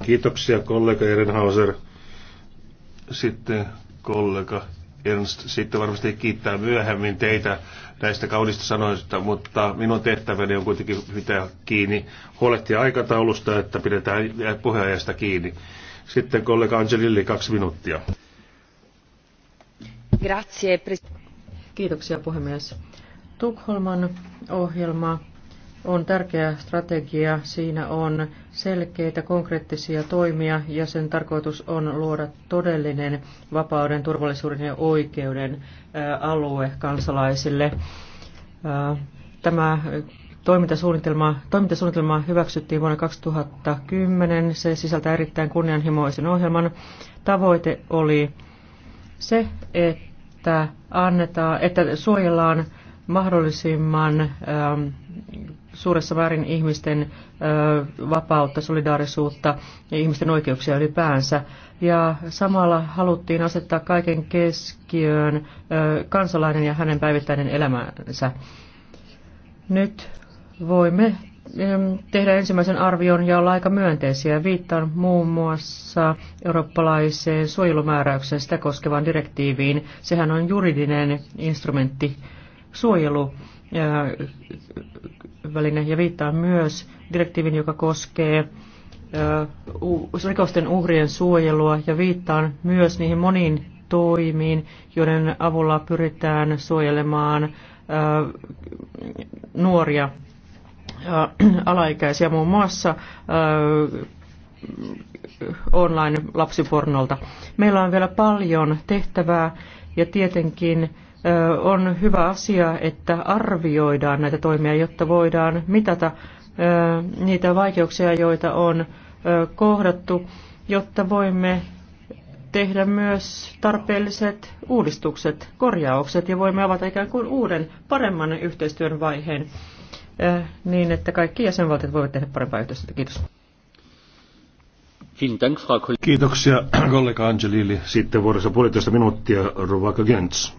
[SPEAKER 2] Kiitoksia kollega Ehrenhauser. Sitten kollega Ernst sitten varmasti kiittää myöhemmin teitä näistä kaunista sanoista, mutta minun tehtäväni on kuitenkin pitää kiinni, huolehtia aikataulusta, että pidetään puheenjohtajasta kiinni. Sitten kollega Angelilli, kaksi minuuttia.
[SPEAKER 3] Grazie. Kiitoksia puhemies. Tukholman ohjelma on tärkeä strategia. Siinä on selkeitä konkreettisia toimia ja sen tarkoitus on luoda todellinen vapauden, turvallisuuden ja oikeuden alue kansalaisille. Tämä toimintasuunnitelma, toimintasuunnitelma hyväksyttiin vuonna 2010. Se sisältää erittäin kunnianhimoisen ohjelman. Tavoite oli se, että, annetaan, että suojellaan mahdollisimman ähm, suuressa määrin ihmisten vapautta, solidaarisuutta ja ihmisten oikeuksia ylipäänsä. Ja samalla haluttiin asettaa kaiken keskiöön kansalainen ja hänen päivittäinen elämänsä. Nyt voimme tehdä ensimmäisen arvion ja olla aika myönteisiä. Viittaan muun muassa eurooppalaiseen suojelumääräykseen sitä koskevaan direktiiviin. Sehän on juridinen instrumentti suojelu väline ja viittaa myös direktiivin, joka koskee rikosten uhrien suojelua ja viittaan myös niihin moniin toimiin, joiden avulla pyritään suojelemaan nuoria alaikäisiä muun muassa online-lapsipornolta. Meillä on vielä paljon tehtävää ja tietenkin on hyvä asia, että arvioidaan näitä toimia, jotta voidaan mitata niitä vaikeuksia, joita on kohdattu, jotta voimme tehdä myös tarpeelliset uudistukset, korjaukset ja voimme avata ikään kuin uuden, paremman yhteistyön vaiheen niin, että kaikki jäsenvaltiot voivat tehdä parempaa yhteistyötä. Kiitos.
[SPEAKER 2] Kiitoksia kollega Angelili. Sitten vuodessa puolitoista minuuttia Ruvaka Gents.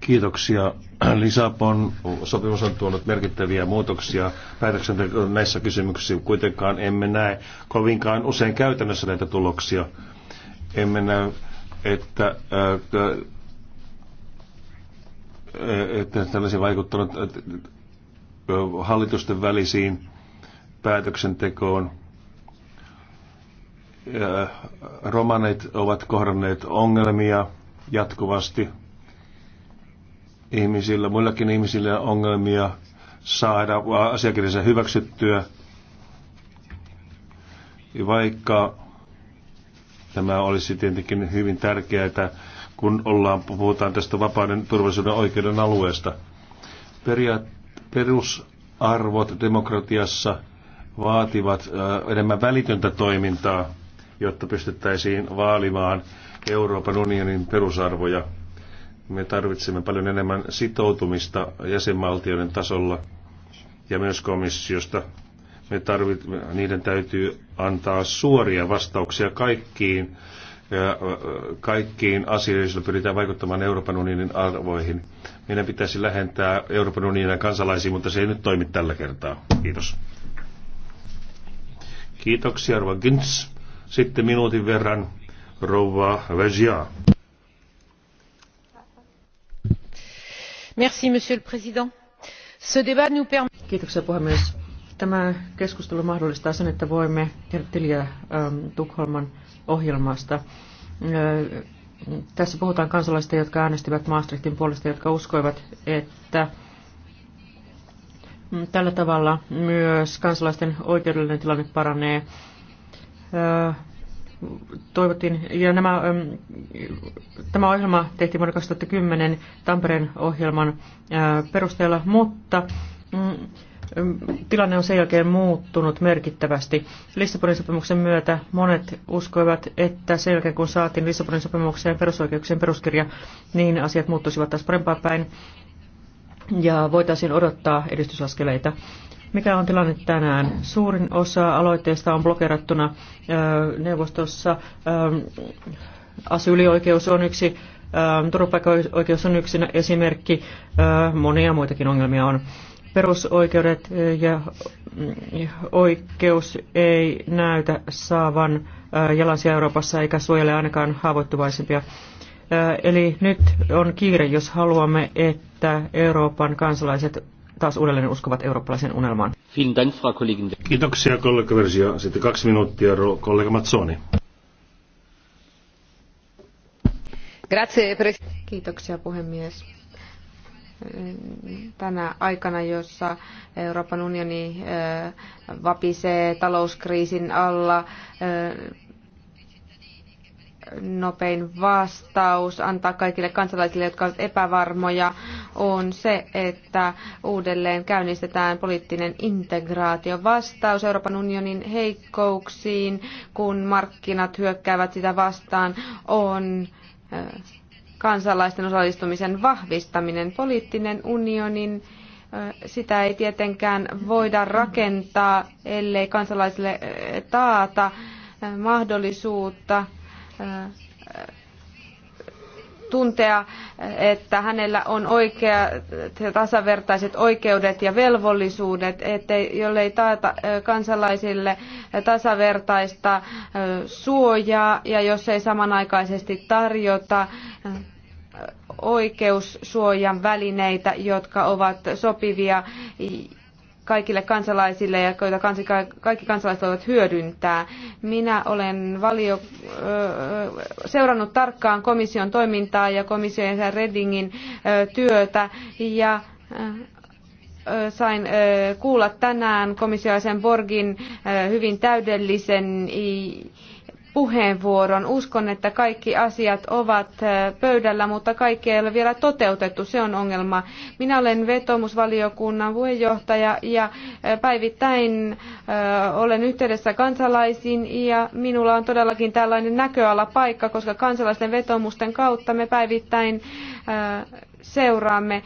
[SPEAKER 2] Kiitoksia. Lisabon sopimus on tuonut merkittäviä muutoksia päätöksentekoon näissä kysymyksissä. Kuitenkaan emme näe kovinkaan usein käytännössä näitä tuloksia. Emme näe, että äh, että tällaisia vaikuttanut äh, hallitusten välisiin päätöksentekoon romanit ovat kohdanneet ongelmia jatkuvasti. Ihmisillä, muillakin ihmisillä on ongelmia saada asiakirjansa hyväksyttyä. Vaikka tämä olisi tietenkin hyvin tärkeää, kun ollaan, puhutaan tästä vapauden turvallisuuden oikeuden alueesta. Periaat, perusarvot demokratiassa vaativat enemmän välitöntä toimintaa jotta pystyttäisiin vaalimaan Euroopan unionin perusarvoja. Me tarvitsemme paljon enemmän sitoutumista jäsenvaltioiden tasolla ja myös komissiosta. Me tarvit, niiden täytyy antaa suoria vastauksia kaikkiin, kaikkiin asioihin, joilla pyritään vaikuttamaan Euroopan unionin arvoihin. Meidän pitäisi lähentää Euroopan unionin kansalaisiin, mutta se ei nyt toimi tällä kertaa. Kiitos. Kiitoksia, Arvo Gyns. Sitten minuutin verran rouva Vergia.
[SPEAKER 3] Merci, monsieur le président. Ce débat nous permet... Kiitoksia puhemies. Tämä keskustelu mahdollistaa sen, että voimme tehdä tiliä ähm, Tukholman ohjelmasta. Äh, tässä puhutaan kansalaisista, jotka äänestivät Maastrichtin puolesta, jotka uskoivat, että tällä tavalla myös kansalaisten oikeudellinen tilanne paranee toivottiin, ja nämä, ähm, tämä ohjelma tehtiin vuonna 2010 Tampereen ohjelman äh, perusteella, mutta mm, mm, tilanne on sen jälkeen muuttunut merkittävästi. Lissabonin sopimuksen myötä monet uskoivat, että sen jälkeen kun saatiin Lissabonin sopimukseen perusoikeuksien peruskirja, niin asiat muuttuisivat taas parempaan päin ja voitaisiin odottaa edistysaskeleita. Mikä on tilanne tänään? Suurin osa aloitteista on blokerattuna neuvostossa. Asylioikeus on yksi, turvapaikkaoikeus on yksi esimerkki. Monia muitakin ongelmia on perusoikeudet ja mm, oikeus ei näytä saavan jalansia Euroopassa eikä suojele ainakaan haavoittuvaisempia. Eli nyt on kiire, jos haluamme, että Euroopan kansalaiset taas uudelleen uskovat eurooppalaisen unelmaan.
[SPEAKER 2] Kiitoksia kollega Versio. Sitten kaksi minuuttia kollega Mazzoni.
[SPEAKER 1] Kiitoksia puhemies tänä aikana, jossa Euroopan unioni eh, vapisee talouskriisin alla, eh, nopein vastaus antaa kaikille kansalaisille, jotka ovat epävarmoja, on se, että uudelleen käynnistetään poliittinen integraatio. Vastaus Euroopan unionin heikkouksiin, kun markkinat hyökkäävät sitä vastaan, on kansalaisten osallistumisen vahvistaminen. Poliittinen unionin sitä ei tietenkään voida rakentaa, ellei kansalaisille taata mahdollisuutta tuntea, että hänellä on oikea tasavertaiset oikeudet ja velvollisuudet, ettei, jollei taata kansalaisille tasavertaista suojaa ja jos ei samanaikaisesti tarjota oikeussuojan välineitä, jotka ovat sopivia kaikille kansalaisille ja joita kaikki kansalaiset voivat hyödyntää. Minä olen valio, seurannut tarkkaan komission toimintaa ja komission Redingin työtä ja sain kuulla tänään komissiaisen Borgin hyvin täydellisen puheenvuoron. Uskon, että kaikki asiat ovat pöydällä, mutta kaikki ei ole vielä toteutettu. Se on ongelma. Minä olen vetomusvaliokunnan puheenjohtaja ja päivittäin olen yhteydessä kansalaisiin ja minulla on todellakin tällainen näköalapaikka, koska kansalaisten vetomusten kautta me päivittäin seuraamme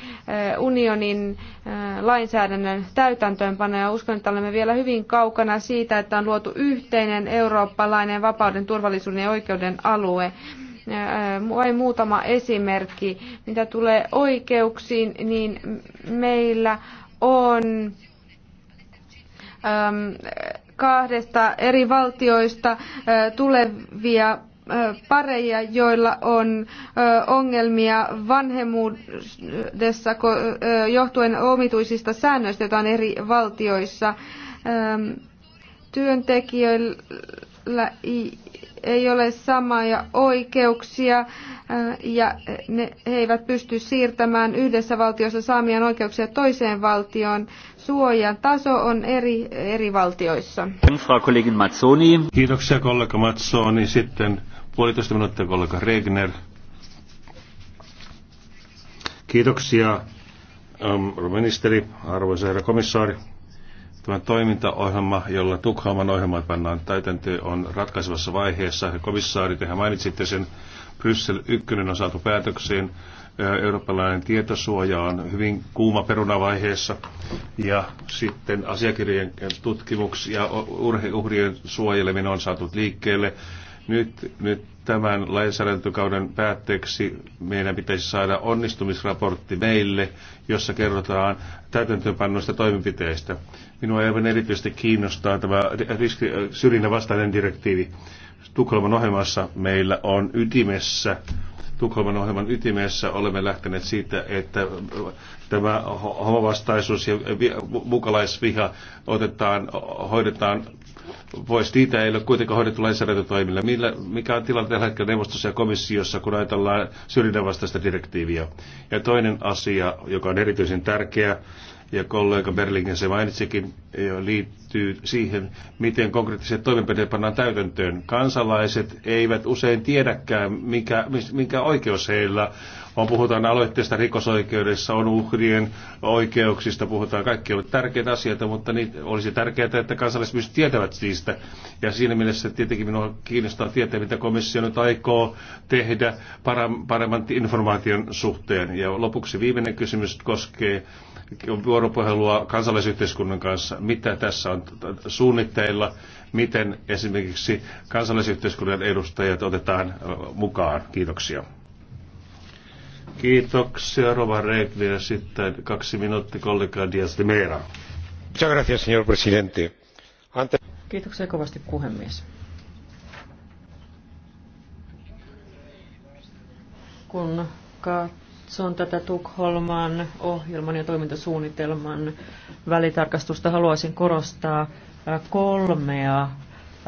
[SPEAKER 1] unionin lainsäädännön täytäntöönpanoa ja uskon, että olemme vielä hyvin kaukana siitä, että on luotu yhteinen eurooppalainen vapauden vapauden, turvallisuuden ja oikeuden alue. Vain muutama esimerkki. Mitä tulee oikeuksiin, niin meillä on kahdesta eri valtioista tulevia pareja, joilla on ongelmia vanhemmuudessa johtuen omituisista säännöistä, joita on eri valtioissa. Työntekijöillä ei ole samoja oikeuksia äh, ja ne, he eivät pysty siirtämään yhdessä valtiossa saamiaan oikeuksia toiseen valtioon. Suojan taso on eri, eri valtioissa.
[SPEAKER 2] Kiitoksia kollega Mazzoni. Sitten puolitoista minuuttia kollega Regner. Kiitoksia ähm, ministeri, arvoisa herra komissaari. Tämä toimintaohjelma, jolla Tukholman ohjelmat pannaan täytäntöön, on ratkaisevassa vaiheessa. Komissaari, tehän mainitsitte sen, Bryssel 1 on saatu päätökseen. Eurooppalainen tietosuoja on hyvin kuuma perunavaiheessa. Ja sitten asiakirjojen tutkimuksia ja uhrien suojeleminen on saatu liikkeelle. Nyt, nyt tämän lainsäädäntökauden päätteeksi meidän pitäisi saada onnistumisraportti meille, jossa kerrotaan täytäntöönpannoista toimenpiteistä. Minua aivan erityisesti kiinnostaa tämä syrjinnän vastainen direktiivi. Tukholman ohjelmassa meillä on ytimessä Tukholman ohjelman ytimessä olemme lähteneet siitä, että tämä homovastaisuus ja mukalaisviha otetaan, hoidetaan pois. Niitä ei ole kuitenkaan hoidettu lainsäädäntötoimilla. Millä, mikä on tilanne tällä hetkellä neuvostossa ja komissiossa, kun ajatellaan vastaista direktiiviä? Ja toinen asia, joka on erityisen tärkeä, ja kollega Berlingen se mainitsikin, liittyy siihen, miten konkreettiset toimenpiteet pannaan täytäntöön. Kansalaiset eivät usein tiedäkään, mikä, mikä oikeus heillä on, puhutaan aloitteesta rikosoikeudessa, on uhrien oikeuksista, puhutaan, kaikki ovat tärkeitä asioita, mutta niin olisi tärkeää, että kansalaiset myös tietävät niistä. Ja siinä mielessä tietenkin minua kiinnostaa tietää, mitä komissio nyt aikoo tehdä paremman informaation suhteen. Ja lopuksi viimeinen kysymys koskee vuoropuhelua kansalaisyhteiskunnan kanssa. Mitä tässä on suunnitteilla? Miten esimerkiksi kansalaisyhteiskunnan edustajat otetaan mukaan? Kiitoksia. Kiitoksia, Rova ja Sitten kaksi minuuttia kollega Dias de Meira.
[SPEAKER 3] Kiitoksia kovasti puhemies. Kun katson tätä Tukholman ohjelman ja toimintasuunnitelman välitarkastusta, haluaisin korostaa äh, kolmea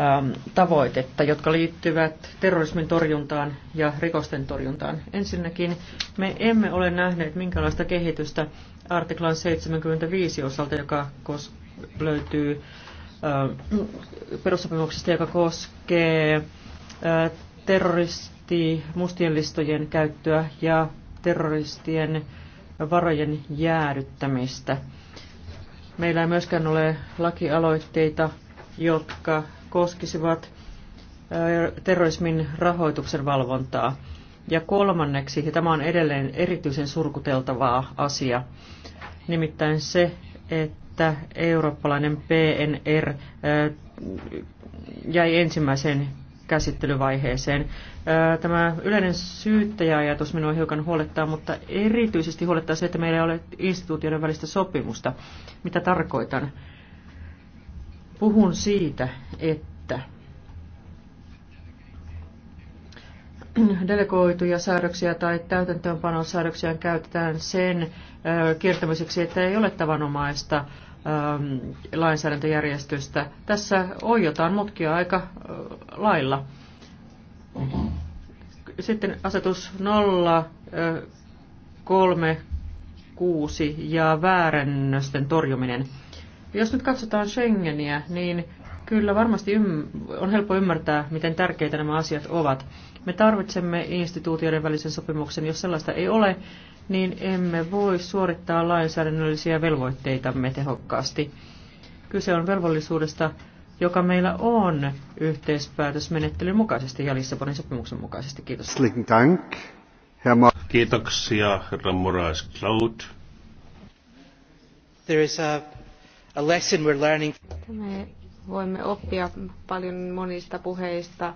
[SPEAKER 3] Ähm, tavoitetta, jotka liittyvät terrorismin torjuntaan ja rikosten torjuntaan. Ensinnäkin me emme ole nähneet minkälaista kehitystä artiklan 75 osalta, joka kos- löytyy äh, perussopimuksesta, joka koskee äh, terroristi mustien listojen käyttöä ja terroristien varojen jäädyttämistä. Meillä ei myöskään ole lakialoitteita jotka koskisivat terrorismin rahoituksen valvontaa. Ja kolmanneksi, ja tämä on edelleen erityisen surkuteltavaa asia, nimittäin se, että eurooppalainen PNR jäi ensimmäiseen käsittelyvaiheeseen. Tämä yleinen syyttäjäajatus minua hiukan huolettaa, mutta erityisesti huolettaa se, että meillä ei ole instituutioiden välistä sopimusta. Mitä tarkoitan? Puhun siitä, että delegoituja säädöksiä tai säädöksiä käytetään sen kiertämiseksi, että ei ole tavanomaista lainsäädäntöjärjestystä. Tässä oijotaan mutkia aika lailla. Sitten asetus 036 ja väärännösten torjuminen – jos nyt katsotaan Schengeniä, niin kyllä varmasti on helppo ymmärtää, miten tärkeitä nämä asiat ovat. Me tarvitsemme instituutioiden välisen sopimuksen. Jos sellaista ei ole, niin emme voi suorittaa lainsäädännöllisiä velvoitteitamme tehokkaasti. Kyse on velvollisuudesta, joka meillä on yhteispäätösmenettelyn mukaisesti ja Lissabonin sopimuksen mukaisesti. Kiitos.
[SPEAKER 2] Kiitoksia, herra Moraes Cloud.
[SPEAKER 3] There is a a lesson we're learning. Me
[SPEAKER 1] voimme oppia paljon monista puheista äh,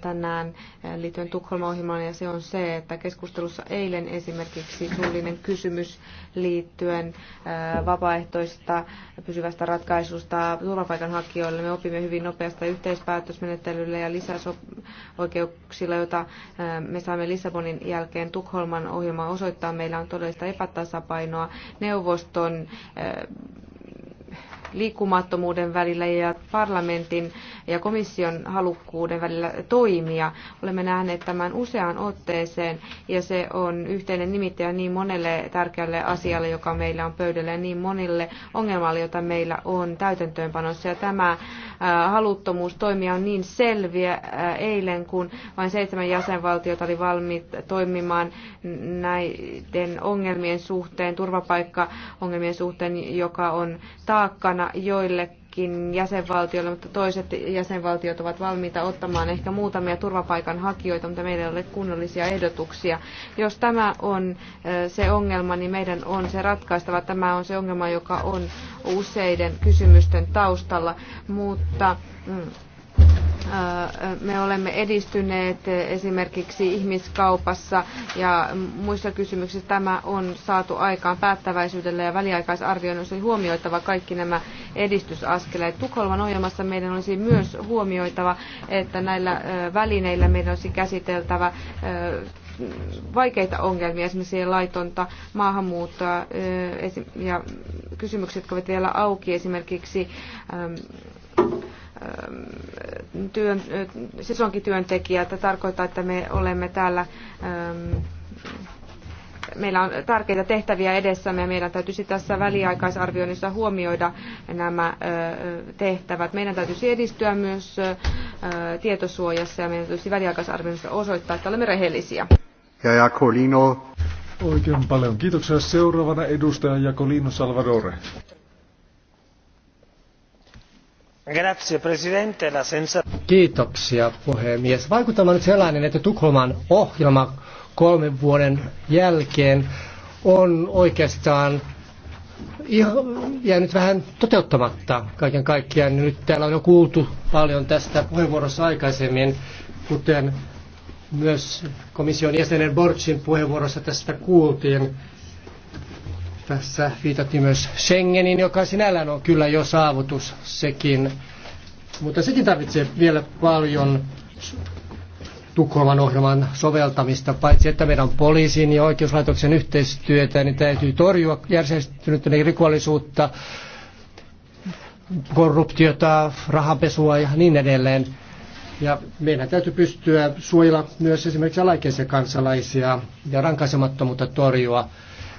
[SPEAKER 1] tänään liittyen Tukholman ohjelmaan ja se on se, että keskustelussa eilen esimerkiksi suullinen kysymys liittyen äh, vapaaehtoista pysyvästä ratkaisusta turvapaikanhakijoille. Me opimme hyvin nopeasta yhteispäätösmenettelyllä ja lisäoikeuksilla, joita äh, me saamme Lissabonin jälkeen Tukholman ohjelma osoittaa. Meillä on todellista epätasapainoa neuvoston liikkumattomuuden välillä ja parlamentin ja komission halukkuuden välillä toimia. Olemme nähneet tämän useaan otteeseen ja se on yhteinen nimittäjä niin monelle tärkeälle asialle, joka meillä on pöydällä ja niin monille ongelmalle, jota meillä on täytäntöönpanossa. Ja tämä äh, haluttomuus toimia on niin selviä äh, eilen, kun vain seitsemän jäsenvaltiota oli valmiit toimimaan näiden ongelmien suhteen, turvapaikkaongelmien suhteen, joka on taakkana ongelmana joillekin jäsenvaltioille, mutta toiset jäsenvaltiot ovat valmiita ottamaan ehkä muutamia turvapaikanhakijoita, mutta meillä ei ole kunnollisia ehdotuksia. Jos tämä on se ongelma, niin meidän on se ratkaistava. Tämä on se ongelma, joka on useiden kysymysten taustalla, mutta mm, Äh, me olemme edistyneet esimerkiksi ihmiskaupassa ja muissa kysymyksissä tämä on saatu aikaan päättäväisyydellä ja väliaikaisarvioinnissa huomioitava kaikki nämä edistysaskeleet. Tukholman ohjelmassa meidän olisi myös huomioitava, että näillä äh, välineillä meidän olisi käsiteltävä äh, vaikeita ongelmia, esimerkiksi laitonta maahanmuuttoa ja kysymykset, jotka ovat vielä auki, esimerkiksi ähm, työn, sesonkityöntekijät. Tämä tarkoittaa, että me olemme täällä meillä on tärkeitä tehtäviä edessämme ja meidän täytyisi tässä väliaikaisarvioinnissa huomioida nämä tehtävät. Meidän täytyisi edistyä myös tietosuojassa ja meidän täytyisi väliaikaisarvioinnissa osoittaa, että olemme rehellisiä.
[SPEAKER 5] Ja Jakolino.
[SPEAKER 4] Oikein paljon kiitoksia.
[SPEAKER 6] Seuraavana edustaja Jacolino Salvadore. Kiitoksia puhemies. Vaikutelma on nyt sellainen, että Tukholman ohjelma kolmen vuoden jälkeen on oikeastaan jäänyt vähän toteuttamatta kaiken kaikkiaan. Nyt täällä on jo kuultu paljon tästä puheenvuorossa aikaisemmin, kuten myös komission jäsenen Borchin puheenvuorossa tästä kuultiin. Tässä viitattiin myös Schengenin, joka sinällään on kyllä jo saavutus sekin. Mutta sekin tarvitsee vielä paljon Tukholman ohjelman soveltamista, paitsi että meidän poliisin ja oikeuslaitoksen yhteistyötä, niin täytyy torjua järjestäytynyttä rikollisuutta, korruptiota, rahapesua ja niin edelleen. Ja meidän täytyy pystyä suojella myös esimerkiksi alaikäisiä kansalaisia ja rankaisemattomuutta torjua.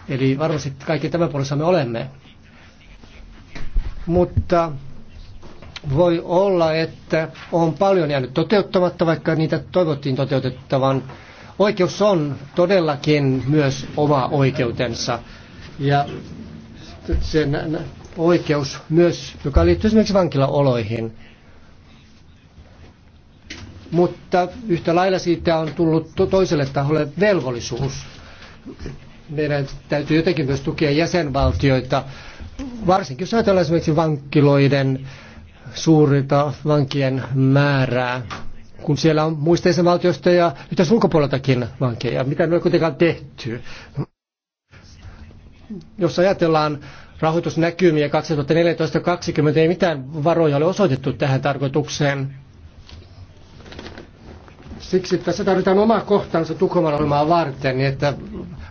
[SPEAKER 6] Eli varmasti kaikki tämän puolessa me olemme. Mutta voi olla, että on paljon jäänyt toteuttamatta, vaikka niitä toivottiin toteutettavan. Oikeus on todellakin myös oma oikeutensa. Ja sen oikeus myös, joka liittyy esimerkiksi vankilaoloihin. Mutta yhtä lailla siitä on tullut toiselle taholle velvollisuus meidän täytyy jotenkin myös tukea jäsenvaltioita, varsinkin jos ajatellaan esimerkiksi vankiloiden suurinta vankien määrää, kun siellä on muista jäsenvaltioista ja yhteensä ulkopuoleltakin vankeja, mitä ne on kuitenkaan tehty. Jos ajatellaan rahoitusnäkymiä 2014-2020, ei mitään varoja ole osoitettu tähän tarkoitukseen Siksi tässä tarvitaan oma kohtansa Tukholman varten, niin että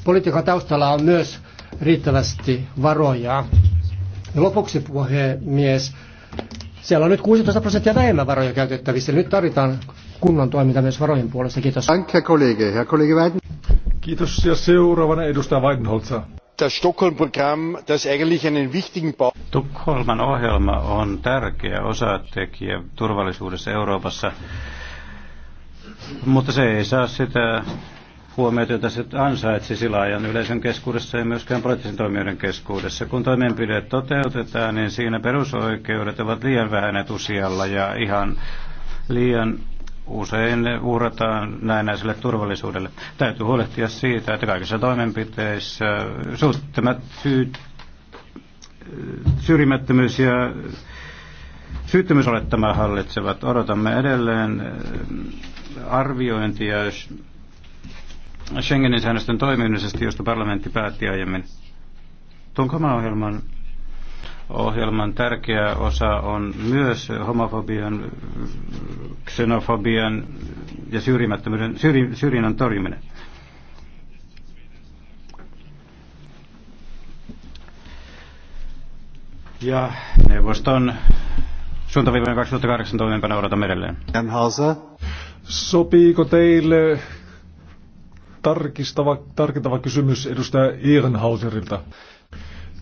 [SPEAKER 6] politiikan taustalla on myös riittävästi varoja. Ja lopuksi puhemies, siellä on nyt 16 prosenttia vähemmän varoja käytettävissä. Nyt tarvitaan kunnon toiminta myös varojen puolesta. Kiitos.
[SPEAKER 4] Kiitos ja seuraavana edustaja Weidenholzer.
[SPEAKER 5] Tukholman ohjelma on tärkeä osatekijä turvallisuudessa Euroopassa mutta se ei saa sitä huomiota, jota se ansaitsi silaajan yleisön keskuudessa ja myöskään poliittisen toimijoiden keskuudessa. Kun toimenpide toteutetaan, niin siinä perusoikeudet ovat liian vähän etusijalla ja ihan liian usein uhrataan näennäiselle turvallisuudelle. Täytyy huolehtia siitä, että kaikissa toimenpiteissä suhteettomat syy, syrjimättömyys ja syyttömyysolettamaa hallitsevat. Odotamme edelleen arviointia Schengenin säännösten toimimisesta, josta parlamentti päätti aiemmin. Tuon ohjelman ohjelman tärkeä osa on myös homofobian, xenofobian ja syrjimättömyyden, syrj, syrjinnän torjuminen. Ja neuvoston suuntaviivojen 2008 toimeenpano odotamme edelleen.
[SPEAKER 4] Jan Hauser. Sopiiko teille tarkistava, tarkentava kysymys edustaja Ehrenhauserilta?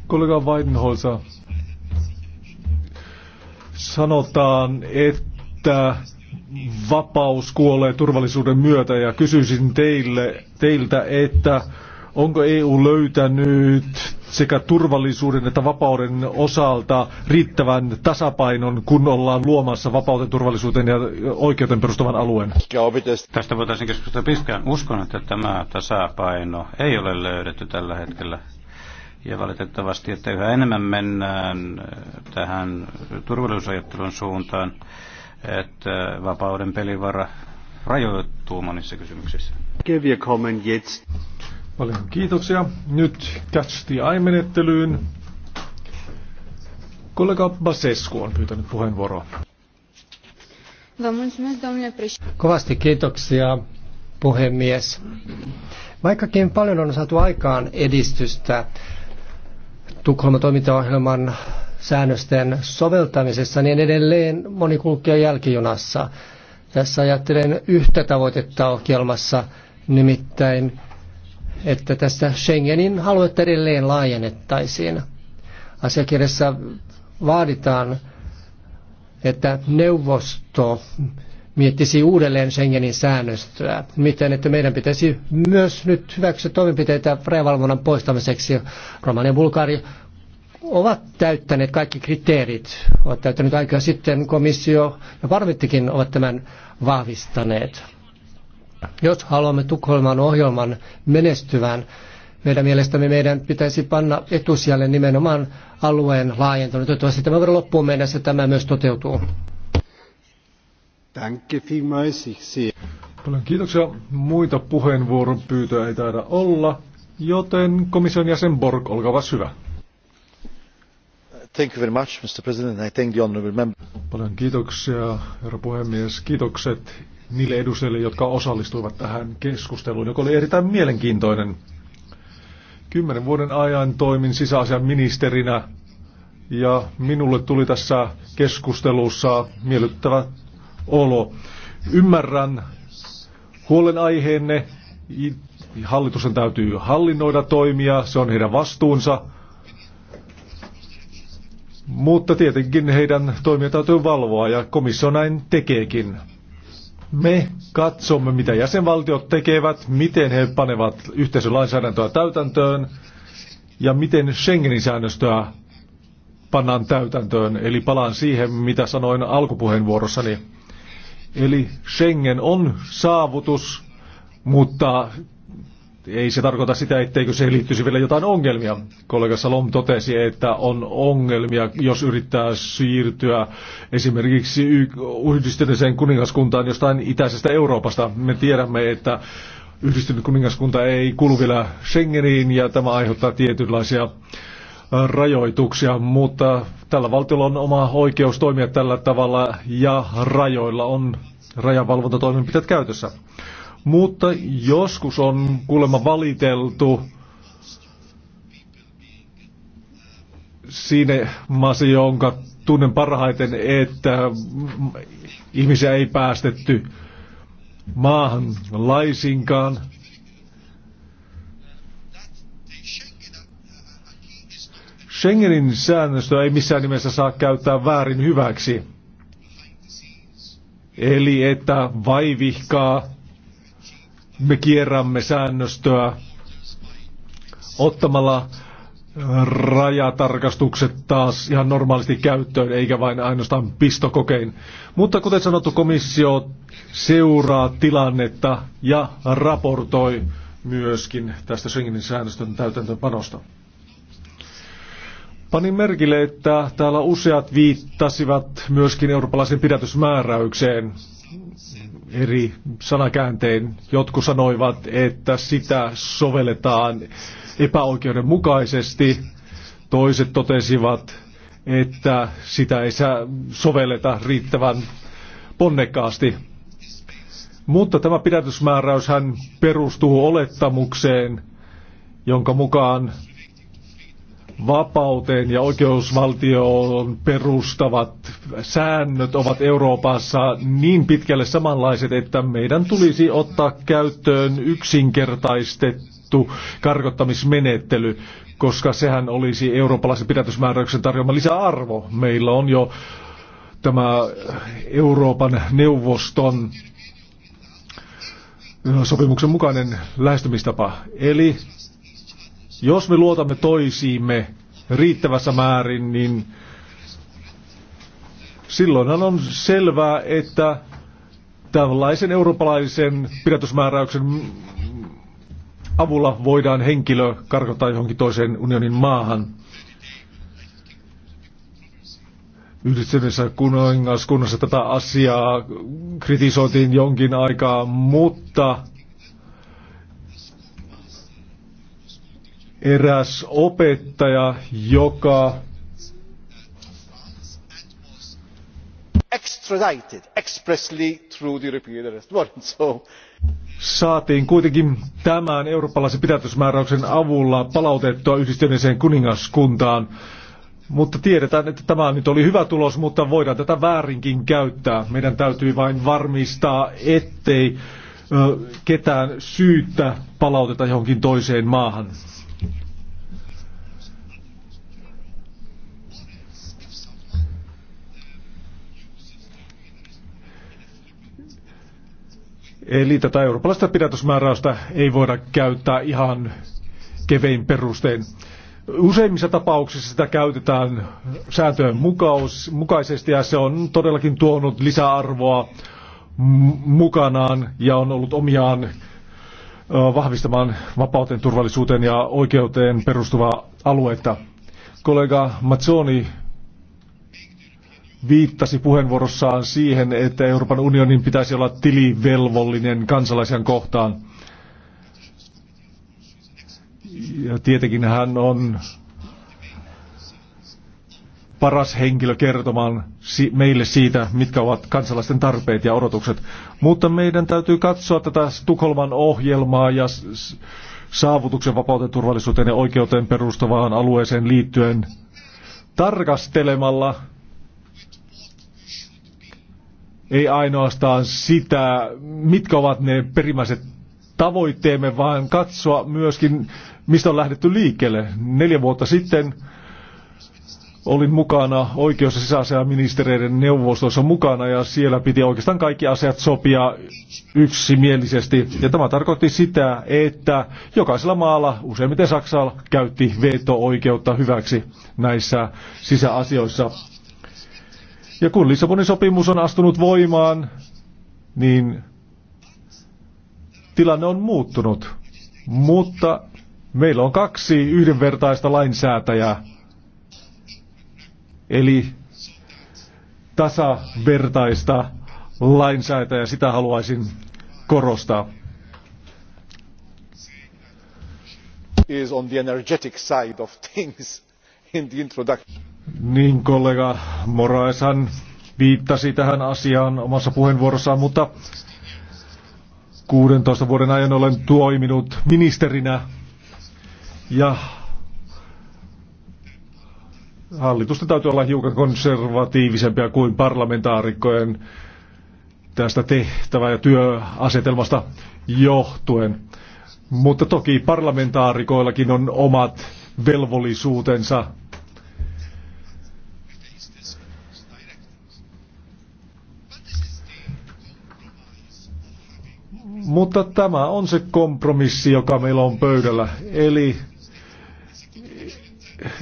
[SPEAKER 4] Kollega Weidenholsa, sanotaan, että vapaus kuolee turvallisuuden myötä ja kysyisin teille, teiltä, että Onko EU löytänyt sekä turvallisuuden että vapauden osalta riittävän tasapainon, kun ollaan luomassa vapauden, turvallisuuteen ja oikeuden perustuvan alueen?
[SPEAKER 5] Tästä voitaisiin keskustella pitkään. Uskon, että tämä tasapaino ei ole löydetty tällä hetkellä. Ja valitettavasti, että yhä enemmän mennään tähän turvallisuusajattelun suuntaan, että vapauden pelivara rajoittuu monissa kysymyksissä.
[SPEAKER 4] Paljon kiitoksia. Nyt Catch the Eye-menettelyyn. Kollega Basescu on pyytänyt
[SPEAKER 6] puheenvuoroa. Kovasti kiitoksia, puhemies. Vaikkakin paljon on saatu aikaan edistystä Tukholman toimintaohjelman säännösten soveltamisessa, niin edelleen moni kulkee jälkijunassa. Tässä ajattelen yhtä tavoitetta ohjelmassa, nimittäin että tässä Schengenin aluetta edelleen laajennettaisiin. Asiakirjassa vaaditaan, että neuvosto miettisi uudelleen Schengenin säännöstöä. Miten, että meidän pitäisi myös nyt hyväksyä toimenpiteitä rajavalvonnan poistamiseksi. Romania ja Bulgari ovat täyttäneet kaikki kriteerit. Ovat täyttäneet aikaa sitten komissio ja parlamenttikin ovat tämän vahvistaneet. Jos haluamme Tukholman ohjelman menestyvän, meidän mielestämme meidän pitäisi panna etusijalle nimenomaan alueen laajentunut. Toivottavasti tämä vuoden loppuun mennessä tämä myös toteutuu.
[SPEAKER 4] Paljon kiitoksia. Muita puheenvuoron pyytöjä ei taida olla, joten komission jäsen Borg, olkaa hyvä. Thank you very much, Mr. President. I thank the honorable member. Paljon kiitoksia, herra puhemies. Kiitokset niille edustajille, jotka osallistuivat tähän keskusteluun, joka oli erittäin mielenkiintoinen. Kymmenen vuoden ajan toimin sisäasian ministerinä ja minulle tuli tässä keskustelussa miellyttävä olo. Ymmärrän huolenaiheenne. Hallituksen täytyy hallinnoida toimia, se on heidän vastuunsa. Mutta tietenkin heidän toimia täytyy valvoa ja komissio näin tekeekin. Me katsomme, mitä jäsenvaltiot tekevät, miten he panevat yhteisölainsäädäntöä täytäntöön ja miten Schengenin säännöstöä pannaan täytäntöön. Eli palaan siihen, mitä sanoin alkupuheenvuorossani. Eli Schengen on saavutus, mutta ei se tarkoita sitä, etteikö se liittyisi vielä jotain ongelmia. Kollega Salom totesi, että on ongelmia, jos yrittää siirtyä esimerkiksi yhdistyneeseen kuningaskuntaan jostain itäisestä Euroopasta. Me tiedämme, että yhdistynyt kuningaskunta ei kuulu vielä Schengeniin ja tämä aiheuttaa tietynlaisia rajoituksia, mutta tällä valtiolla on oma oikeus toimia tällä tavalla ja rajoilla on rajanvalvontatoimenpiteet käytössä. Mutta joskus on kuulemma valiteltu siinä maassa, jonka tunnen parhaiten, että ihmisiä ei päästetty maahan laisinkaan. Schengenin säännöstö ei missään nimessä saa käyttää väärin hyväksi. Eli että vaivihkaa me kierrämme säännöstöä ottamalla rajatarkastukset taas ihan normaalisti käyttöön, eikä vain ainoastaan pistokokein. Mutta kuten sanottu, komissio seuraa tilannetta ja raportoi myöskin tästä Schengenin säännöstön täytäntöönpanosta. Panin merkille, että täällä useat viittasivat myöskin eurooppalaisen pidätysmääräykseen eri sanakääntein. Jotkut sanoivat, että sitä sovelletaan epäoikeudenmukaisesti. Toiset totesivat, että sitä ei saa sovelleta riittävän ponnekkaasti. Mutta tämä pidätysmääräyshän perustuu olettamukseen, jonka mukaan vapauteen ja oikeusvaltioon perustavat säännöt ovat Euroopassa niin pitkälle samanlaiset, että meidän tulisi ottaa käyttöön yksinkertaistettu karkottamismenettely, koska sehän olisi eurooppalaisen pidätysmääräyksen tarjoama lisäarvo. Meillä on jo tämä Euroopan neuvoston sopimuksen mukainen lähestymistapa. Eli jos me luotamme toisiimme riittävässä määrin, niin silloinhan on selvää, että tällaisen eurooppalaisen pidätysmääräyksen avulla voidaan henkilö karkottaa johonkin toiseen unionin maahan. Yhdistyneessä kuningaskunnassa tätä asiaa kritisoitiin jonkin aikaa, mutta eräs opettaja, joka extradited expressly through the European arrest warrant. So saatiin kuitenkin tämän eurooppalaisen pidätysmääräyksen avulla palautettua yhdistyneeseen kuningaskuntaan. Mutta tiedetään, että tämä nyt oli hyvä tulos, mutta voidaan tätä väärinkin käyttää. Meidän täytyy vain varmistaa, ettei ö, ketään syyttä palauteta johonkin toiseen maahan. Eli tätä eurooppalaista pidätysmääräystä ei voida käyttää ihan kevein perustein. Useimmissa tapauksissa sitä käytetään sääntöjen mukaus, mukaisesti ja se on todellakin tuonut lisäarvoa mukanaan ja on ollut omiaan vahvistamaan vapauteen, turvallisuuteen ja oikeuteen perustuvaa aluetta. Kollega Mazzoni viittasi puheenvuorossaan siihen, että Euroopan unionin pitäisi olla tilivelvollinen kansalaisen kohtaan. Ja tietenkin hän on paras henkilö kertomaan meille siitä, mitkä ovat kansalaisten tarpeet ja odotukset. Mutta meidän täytyy katsoa tätä Tukholman ohjelmaa ja saavutuksen vapauteen, turvallisuuteen ja oikeuteen perustuvaan alueeseen liittyen tarkastelemalla – ei ainoastaan sitä, mitkä ovat ne perimmäiset tavoitteemme, vaan katsoa myöskin, mistä on lähdetty liikkeelle. Neljä vuotta sitten olin mukana oikeus- ja sisäasiaministereiden neuvostossa mukana ja siellä piti oikeastaan kaikki asiat sopia yksimielisesti. Ja tämä tarkoitti sitä, että jokaisella maalla, useimmiten Saksalla, käytti veto-oikeutta hyväksi näissä sisäasioissa. Ja kun Lissabonin sopimus on astunut voimaan, niin tilanne on muuttunut. Mutta meillä on kaksi yhdenvertaista lainsäätäjää, eli tasavertaista lainsäätäjää, sitä haluaisin korostaa. Is on the energetic side of things in the introduction. Niin kollega Moraesan viittasi tähän asiaan omassa puheenvuorossaan, mutta 16 vuoden ajan olen toiminut ministerinä ja hallitusten täytyy olla hiukan konservatiivisempia kuin parlamentaarikkojen tästä tehtävä- ja työasetelmasta johtuen. Mutta toki parlamentaarikoillakin on omat velvollisuutensa Mutta tämä on se kompromissi, joka meillä on pöydällä. Eli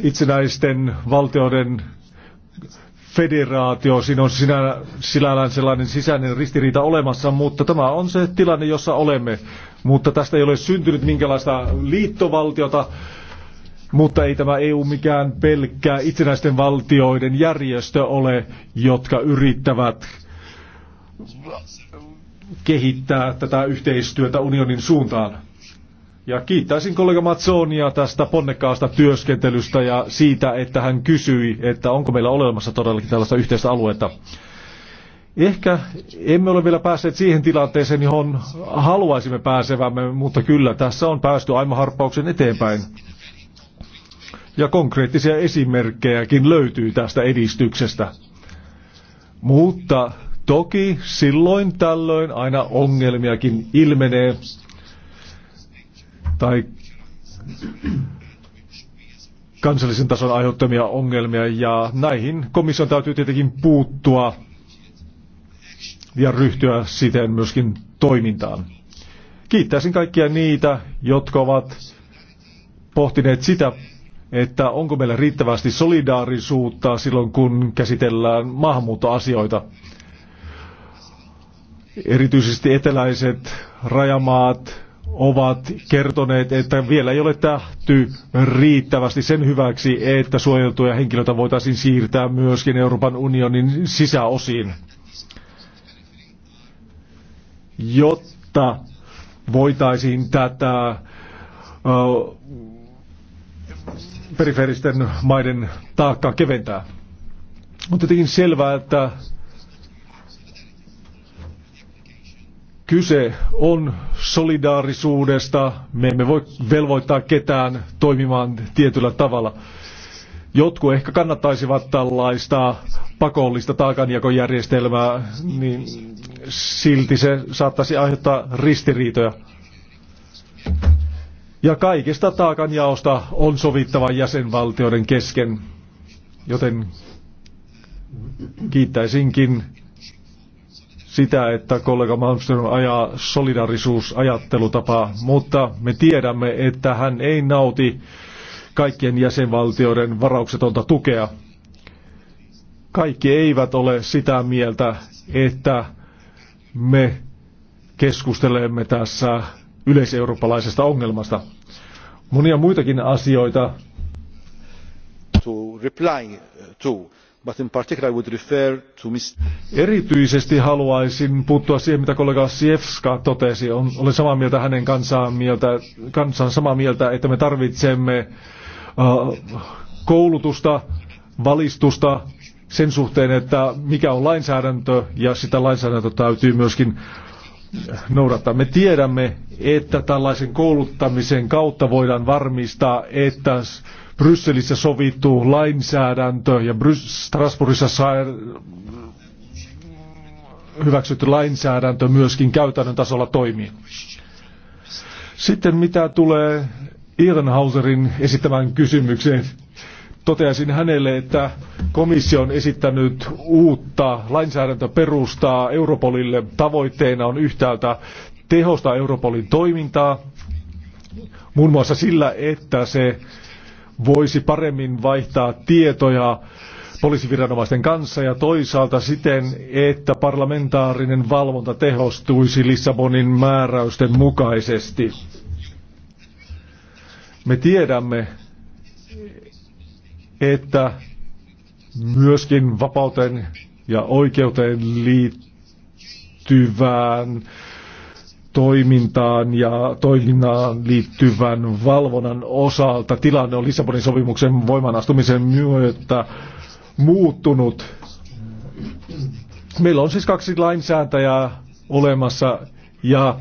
[SPEAKER 4] itsenäisten valtioiden federaatio, siinä on sinä, sinällään sellainen sisäinen ristiriita olemassa, mutta tämä on se tilanne, jossa olemme. Mutta tästä ei ole syntynyt minkälaista liittovaltiota, mutta ei tämä EU mikään pelkkää itsenäisten valtioiden järjestö ole, jotka yrittävät kehittää tätä yhteistyötä unionin suuntaan. Ja kiittäisin kollega Mazzonia tästä ponnekkaasta työskentelystä ja siitä, että hän kysyi, että onko meillä olemassa todellakin tällaista yhteistä aluetta. Ehkä emme ole vielä päässeet siihen tilanteeseen, johon haluaisimme pääsevämme, mutta kyllä tässä on päästy harppauksen eteenpäin. Ja konkreettisia esimerkkejäkin löytyy tästä edistyksestä. Mutta Toki silloin tällöin aina ongelmiakin ilmenee tai kansallisen tason aiheuttamia ongelmia ja näihin komission täytyy tietenkin puuttua ja ryhtyä siten myöskin toimintaan. Kiittäisin kaikkia niitä, jotka ovat pohtineet sitä, että onko meillä riittävästi solidaarisuutta silloin, kun käsitellään maahanmuuttoasioita. Erityisesti eteläiset rajamaat ovat kertoneet, että vielä ei ole tähty riittävästi sen hyväksi, että suojeltuja henkilöitä voitaisiin siirtää myöskin Euroopan unionin sisäosiin, jotta voitaisiin tätä uh, periferisten maiden taakkaa keventää. On tietenkin selvää, että Kyse on solidaarisuudesta. Me emme voi velvoittaa ketään toimimaan tietyllä tavalla. Jotkut ehkä kannattaisivat tällaista pakollista taakanjakojärjestelmää, niin silti se saattaisi aiheuttaa ristiriitoja. Ja kaikesta taakanjaosta on sovittava jäsenvaltioiden kesken. Joten kiittäisinkin sitä, että kollega Malmström ajaa solidarisuusajattelutapaa, mutta me tiedämme, että hän ei nauti kaikkien jäsenvaltioiden varauksetonta tukea. Kaikki eivät ole sitä mieltä, että me keskustelemme tässä yleiseurooppalaisesta ongelmasta. Monia muitakin asioita.
[SPEAKER 5] To reply to.
[SPEAKER 4] Erityisesti haluaisin puuttua siihen, mitä kollega Sievska totesi. olen samaa mieltä hänen kanssaan, mieltä, kanssaan samaa mieltä, että me tarvitsemme äh, koulutusta, valistusta sen suhteen, että mikä on lainsäädäntö ja sitä lainsäädäntöä täytyy myöskin noudattaa. Me tiedämme, että tällaisen kouluttamisen kautta voidaan varmistaa, että Brysselissä sovittu lainsäädäntö ja Strasbourgissa hyväksytty lainsäädäntö myöskin käytännön tasolla toimii. Sitten mitä tulee Irnhauserin esittämään kysymykseen, toteaisin hänelle, että komissio on esittänyt uutta lainsäädäntöperustaa Europolille. Tavoitteena on yhtäältä tehostaa Europolin toimintaa, muun muassa sillä, että se voisi paremmin vaihtaa tietoja poliisiviranomaisten kanssa ja toisaalta siten, että parlamentaarinen valvonta tehostuisi Lissabonin määräysten mukaisesti. Me tiedämme, että myöskin vapauteen ja oikeuteen liittyvään toimintaan ja toiminnaan liittyvän valvonnan osalta tilanne on Lissabonin sopimuksen voimanastumisen myötä muuttunut. Meillä on siis kaksi lainsääntäjää olemassa ja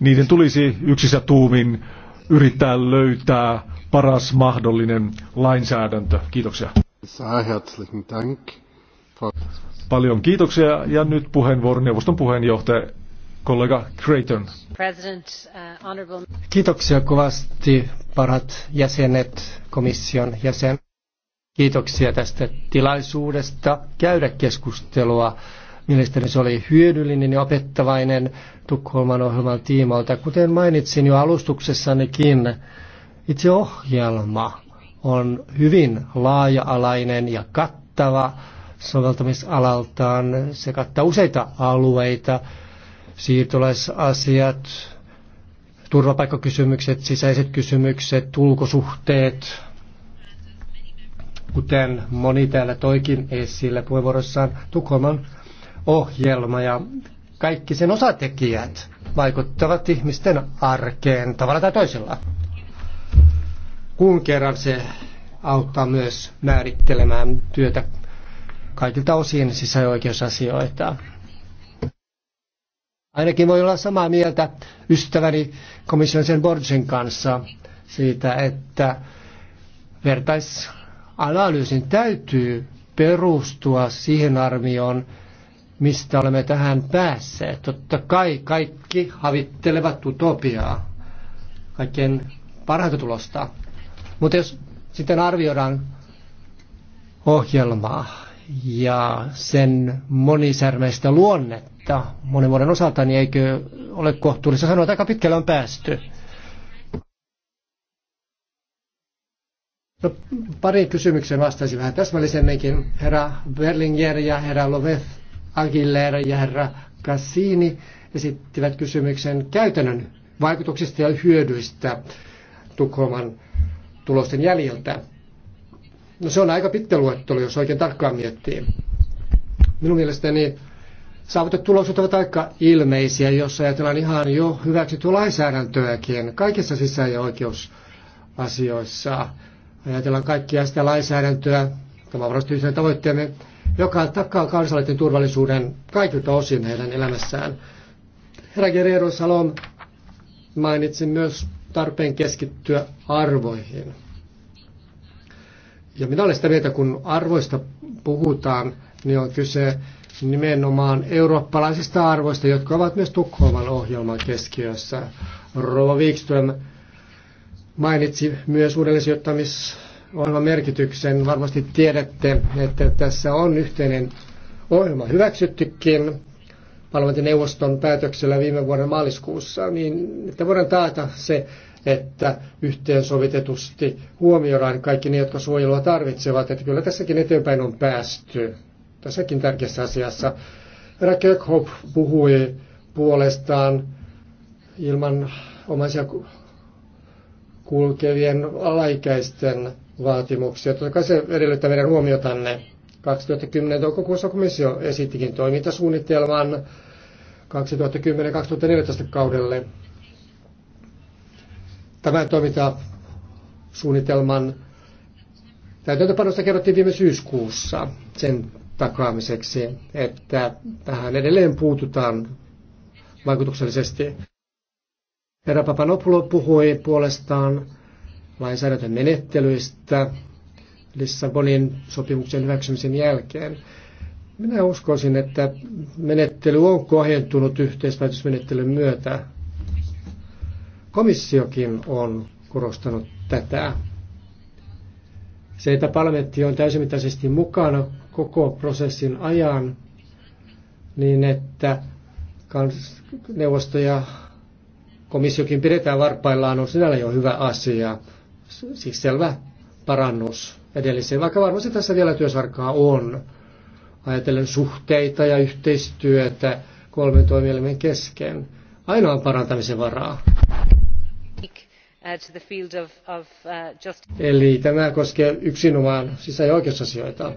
[SPEAKER 4] niiden tulisi yksissä tuumin yrittää löytää paras mahdollinen lainsäädäntö. Kiitoksia. Paljon kiitoksia ja nyt puheenvuoro neuvoston puheenjohtaja kollega Creighton.
[SPEAKER 3] Uh,
[SPEAKER 6] Kiitoksia kovasti parhat jäsenet, komission jäsen. Kiitoksia tästä tilaisuudesta käydä keskustelua. Mielestäni se oli hyödyllinen ja opettavainen Tukholman ohjelman tiimoilta. Kuten mainitsin jo alustuksessanikin, itse ohjelma on hyvin laaja-alainen ja kattava soveltamisalaltaan. Se kattaa useita alueita siirtolaisasiat, turvapaikkakysymykset, sisäiset kysymykset, ulkosuhteet, kuten moni täällä toikin esille puheenvuorossaan, Tukholman ohjelma ja kaikki sen osatekijät vaikuttavat ihmisten arkeen tavalla tai toisella. Kun kerran se auttaa myös määrittelemään työtä kaikilta osin sisäoikeusasioita. Ainakin voi olla samaa mieltä ystäväni komission sen Borgen kanssa siitä, että vertaisanalyysin täytyy perustua siihen armioon, mistä olemme tähän päässeet. Totta kai kaikki havittelevat utopiaa, kaikkien parhaita tulosta. Mutta jos sitten arvioidaan ohjelmaa ja sen monisärmeistä luonnetta, vuotta monen vuoden osalta, niin eikö ole kohtuullista sanoa, että aika pitkälle on päästy? No, pariin kysymykseen vastaisin vähän täsmällisemminkin. Herra Berlinger ja herra Loveth Aguilera ja herra Cassini esittivät kysymyksen käytännön vaikutuksista ja hyödyistä Tukholman tulosten jäljiltä. No se on aika pitkä luettelo, jos oikein tarkkaan miettii. Minun mielestäni Saavutetut tulokset ovat aika ilmeisiä, jos ajatellaan ihan jo hyväksytty lainsäädäntöäkin kaikissa sisä- ja oikeusasioissa. Ajatellaan kaikkia sitä lainsäädäntöä, tämä on varmasti tavoitteemme, joka takaa kansalaisten turvallisuuden kaikilta osin heidän elämässään. Herra Gerero Salom mainitsi myös tarpeen keskittyä arvoihin. Ja minä olen sitä mieltä, kun arvoista puhutaan, niin on kyse nimenomaan eurooppalaisista arvoista, jotka ovat myös Tukholman ohjelman keskiössä. Rova Wikström mainitsi myös uudellisijoittamisohjelman merkityksen. Varmasti tiedätte, että tässä on yhteinen ohjelma hyväksyttykin parlamentin päätöksellä viime vuoden maaliskuussa, niin että voidaan taata se, että yhteensovitetusti huomioidaan kaikki ne, jotka suojelua tarvitsevat. Että kyllä tässäkin eteenpäin on päästy tässäkin tärkeässä asiassa. Herra Kirkhope puhui puolestaan ilman omaisia kulkevien alaikäisten vaatimuksia. Totta kai se edellyttää meidän huomiotanne. 2010 toukokuussa komissio esittikin toimintasuunnitelman 2010-2014 kaudelle. Tämän toimintasuunnitelman täytäntöpanosta kerrottiin viime syyskuussa. Sen takaamiseksi, että tähän edelleen puututaan vaikutuksellisesti. Herra Papanopulo puhui puolestaan lainsäädäntömenettelyistä Lissabonin sopimuksen hyväksymisen jälkeen. Minä uskoisin, että menettely on kohentunut yhteispäätösmenettelyn myötä. Komissiokin on korostanut tätä. Se, että parlamentti on täysimittaisesti mukana koko prosessin ajan niin, että neuvosto ja komissiokin pidetään varpaillaan, on sinällä jo hyvä asia. Siis selvä parannus edelliseen, vaikka varmasti tässä vielä työsarkaa on. Ajatellen suhteita ja yhteistyötä kolmen toimielimen kesken. Aina on parantamisen varaa.
[SPEAKER 3] Uh, uh, Eli
[SPEAKER 6] tämä koskee yksinomaan sisä- ja oikeusasioita.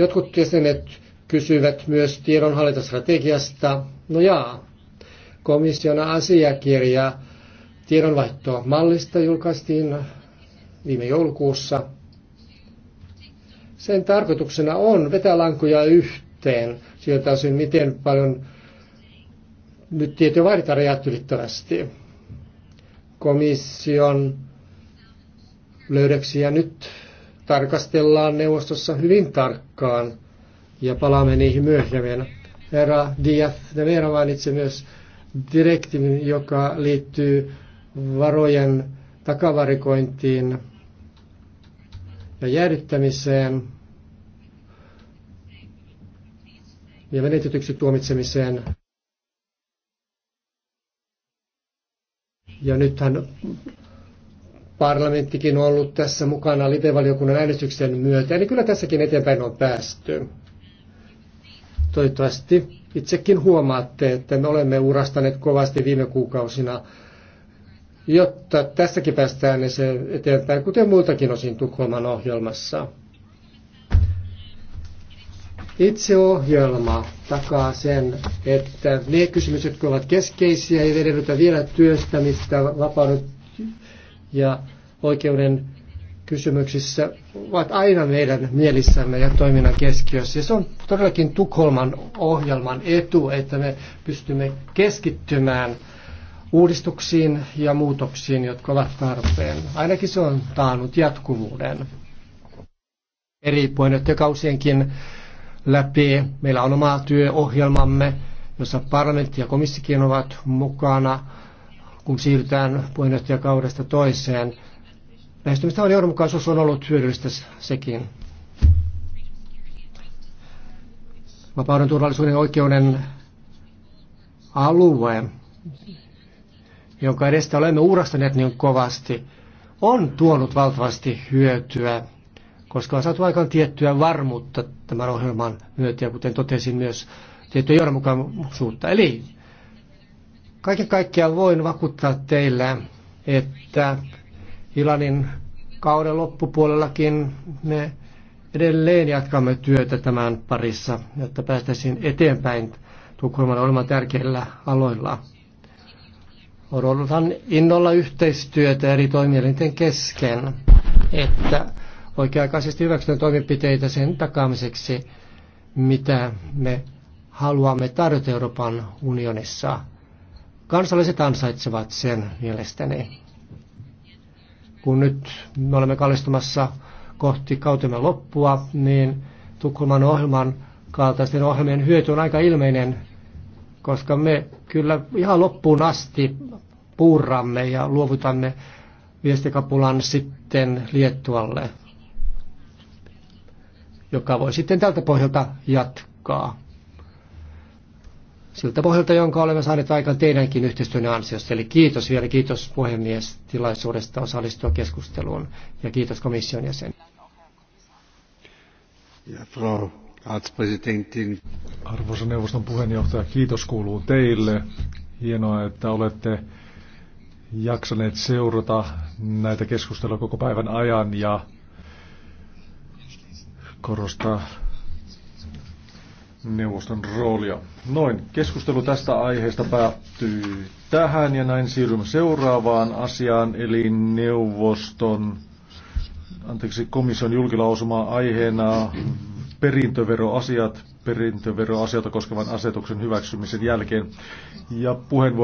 [SPEAKER 6] Jotkut jäsenet kysyvät myös tiedonhallintastrategiasta. No jaa, komission asiakirja tiedonvaihtomallista julkaistiin viime joulukuussa. Sen tarkoituksena on vetää lankuja yhteen sieltä osin, miten paljon nyt tietoja vaaditaan rajat ylittävästi. Komission löydöksiä nyt tarkastellaan neuvostossa hyvin tarkkaan ja palaamme niihin myöhemmin. Herra Diaz de Vera mainitsi myös direktiivin, joka liittyy varojen takavarikointiin ja jäädyttämiseen ja menetetyksi tuomitsemiseen. Ja nythän Parlamenttikin on ollut tässä mukana live äänestyksen myötä, eli niin kyllä tässäkin eteenpäin on päästy. Toivottavasti itsekin huomaatte, että me olemme urastaneet kovasti viime kuukausina, jotta tässäkin päästään eteenpäin, kuten muiltakin osin Tukholman ohjelmassa. Itse ohjelma takaa sen, että ne kysymykset, jotka ovat keskeisiä ja edellytä vielä työstämistä, vapaudet ja oikeuden kysymyksissä ovat aina meidän mielissämme ja toiminnan keskiössä. Ja se on todellakin Tukholman ohjelman etu, että me pystymme keskittymään uudistuksiin ja muutoksiin, jotka ovat tarpeen. Ainakin se on taannut jatkuvuuden. Eri puheenjohtajakausienkin läpi meillä on oma työohjelmamme, jossa parlamentti ja komissikin ovat mukana kun siirrytään puheenjohtajakaudesta toiseen. Lähestymistavan johdonmukaisuus on ollut hyödyllistä sekin. Vapauden, turvallisuuden oikeuden alue, jonka edestä olemme uurastaneet niin kovasti, on tuonut valtavasti hyötyä, koska on saatu aikaan tiettyä varmuutta tämän ohjelman myötä, ja kuten totesin myös tiettyä johdonmukaisuutta. Eli Kaiken kaikkiaan voin vakuuttaa teille, että Ilanin kauden loppupuolellakin me edelleen jatkamme työtä tämän parissa, jotta päästäisiin eteenpäin Tukholman olemaan tärkeillä aloilla. Odotan innolla yhteistyötä eri toimielinten kesken, että oikea-aikaisesti hyväksytään toimenpiteitä sen takaamiseksi, mitä me haluamme tarjota Euroopan unionissa. Kansalaiset ansaitsevat sen mielestäni. Kun nyt me olemme kallistumassa kohti kautemme loppua, niin Tukholman ohjelman kaltaisten ohjelmien hyöty on aika ilmeinen, koska me kyllä ihan loppuun asti puurramme ja luovutamme viestikapulan sitten Liettualle, joka voi sitten tältä pohjalta jatkaa siltä pohjalta, jonka olemme saaneet aikaan teidänkin yhteistyön ansiosta. Eli kiitos vielä, kiitos puhemies tilaisuudesta osallistua keskusteluun ja kiitos komission jäsen.
[SPEAKER 5] Ja Frau Arvoisa
[SPEAKER 4] neuvoston puheenjohtaja, kiitos kuuluu teille. Hienoa, että olette jaksaneet seurata näitä keskusteluja koko päivän ajan ja korostaa neuvoston roolia. Noin, keskustelu tästä aiheesta päättyy tähän ja näin siirrymme seuraavaan asiaan, eli neuvoston, anteeksi, komission julkilausumaa aiheena perintöveroasiat, perintöveroasioita koskevan asetuksen hyväksymisen jälkeen. Ja puheenvuoro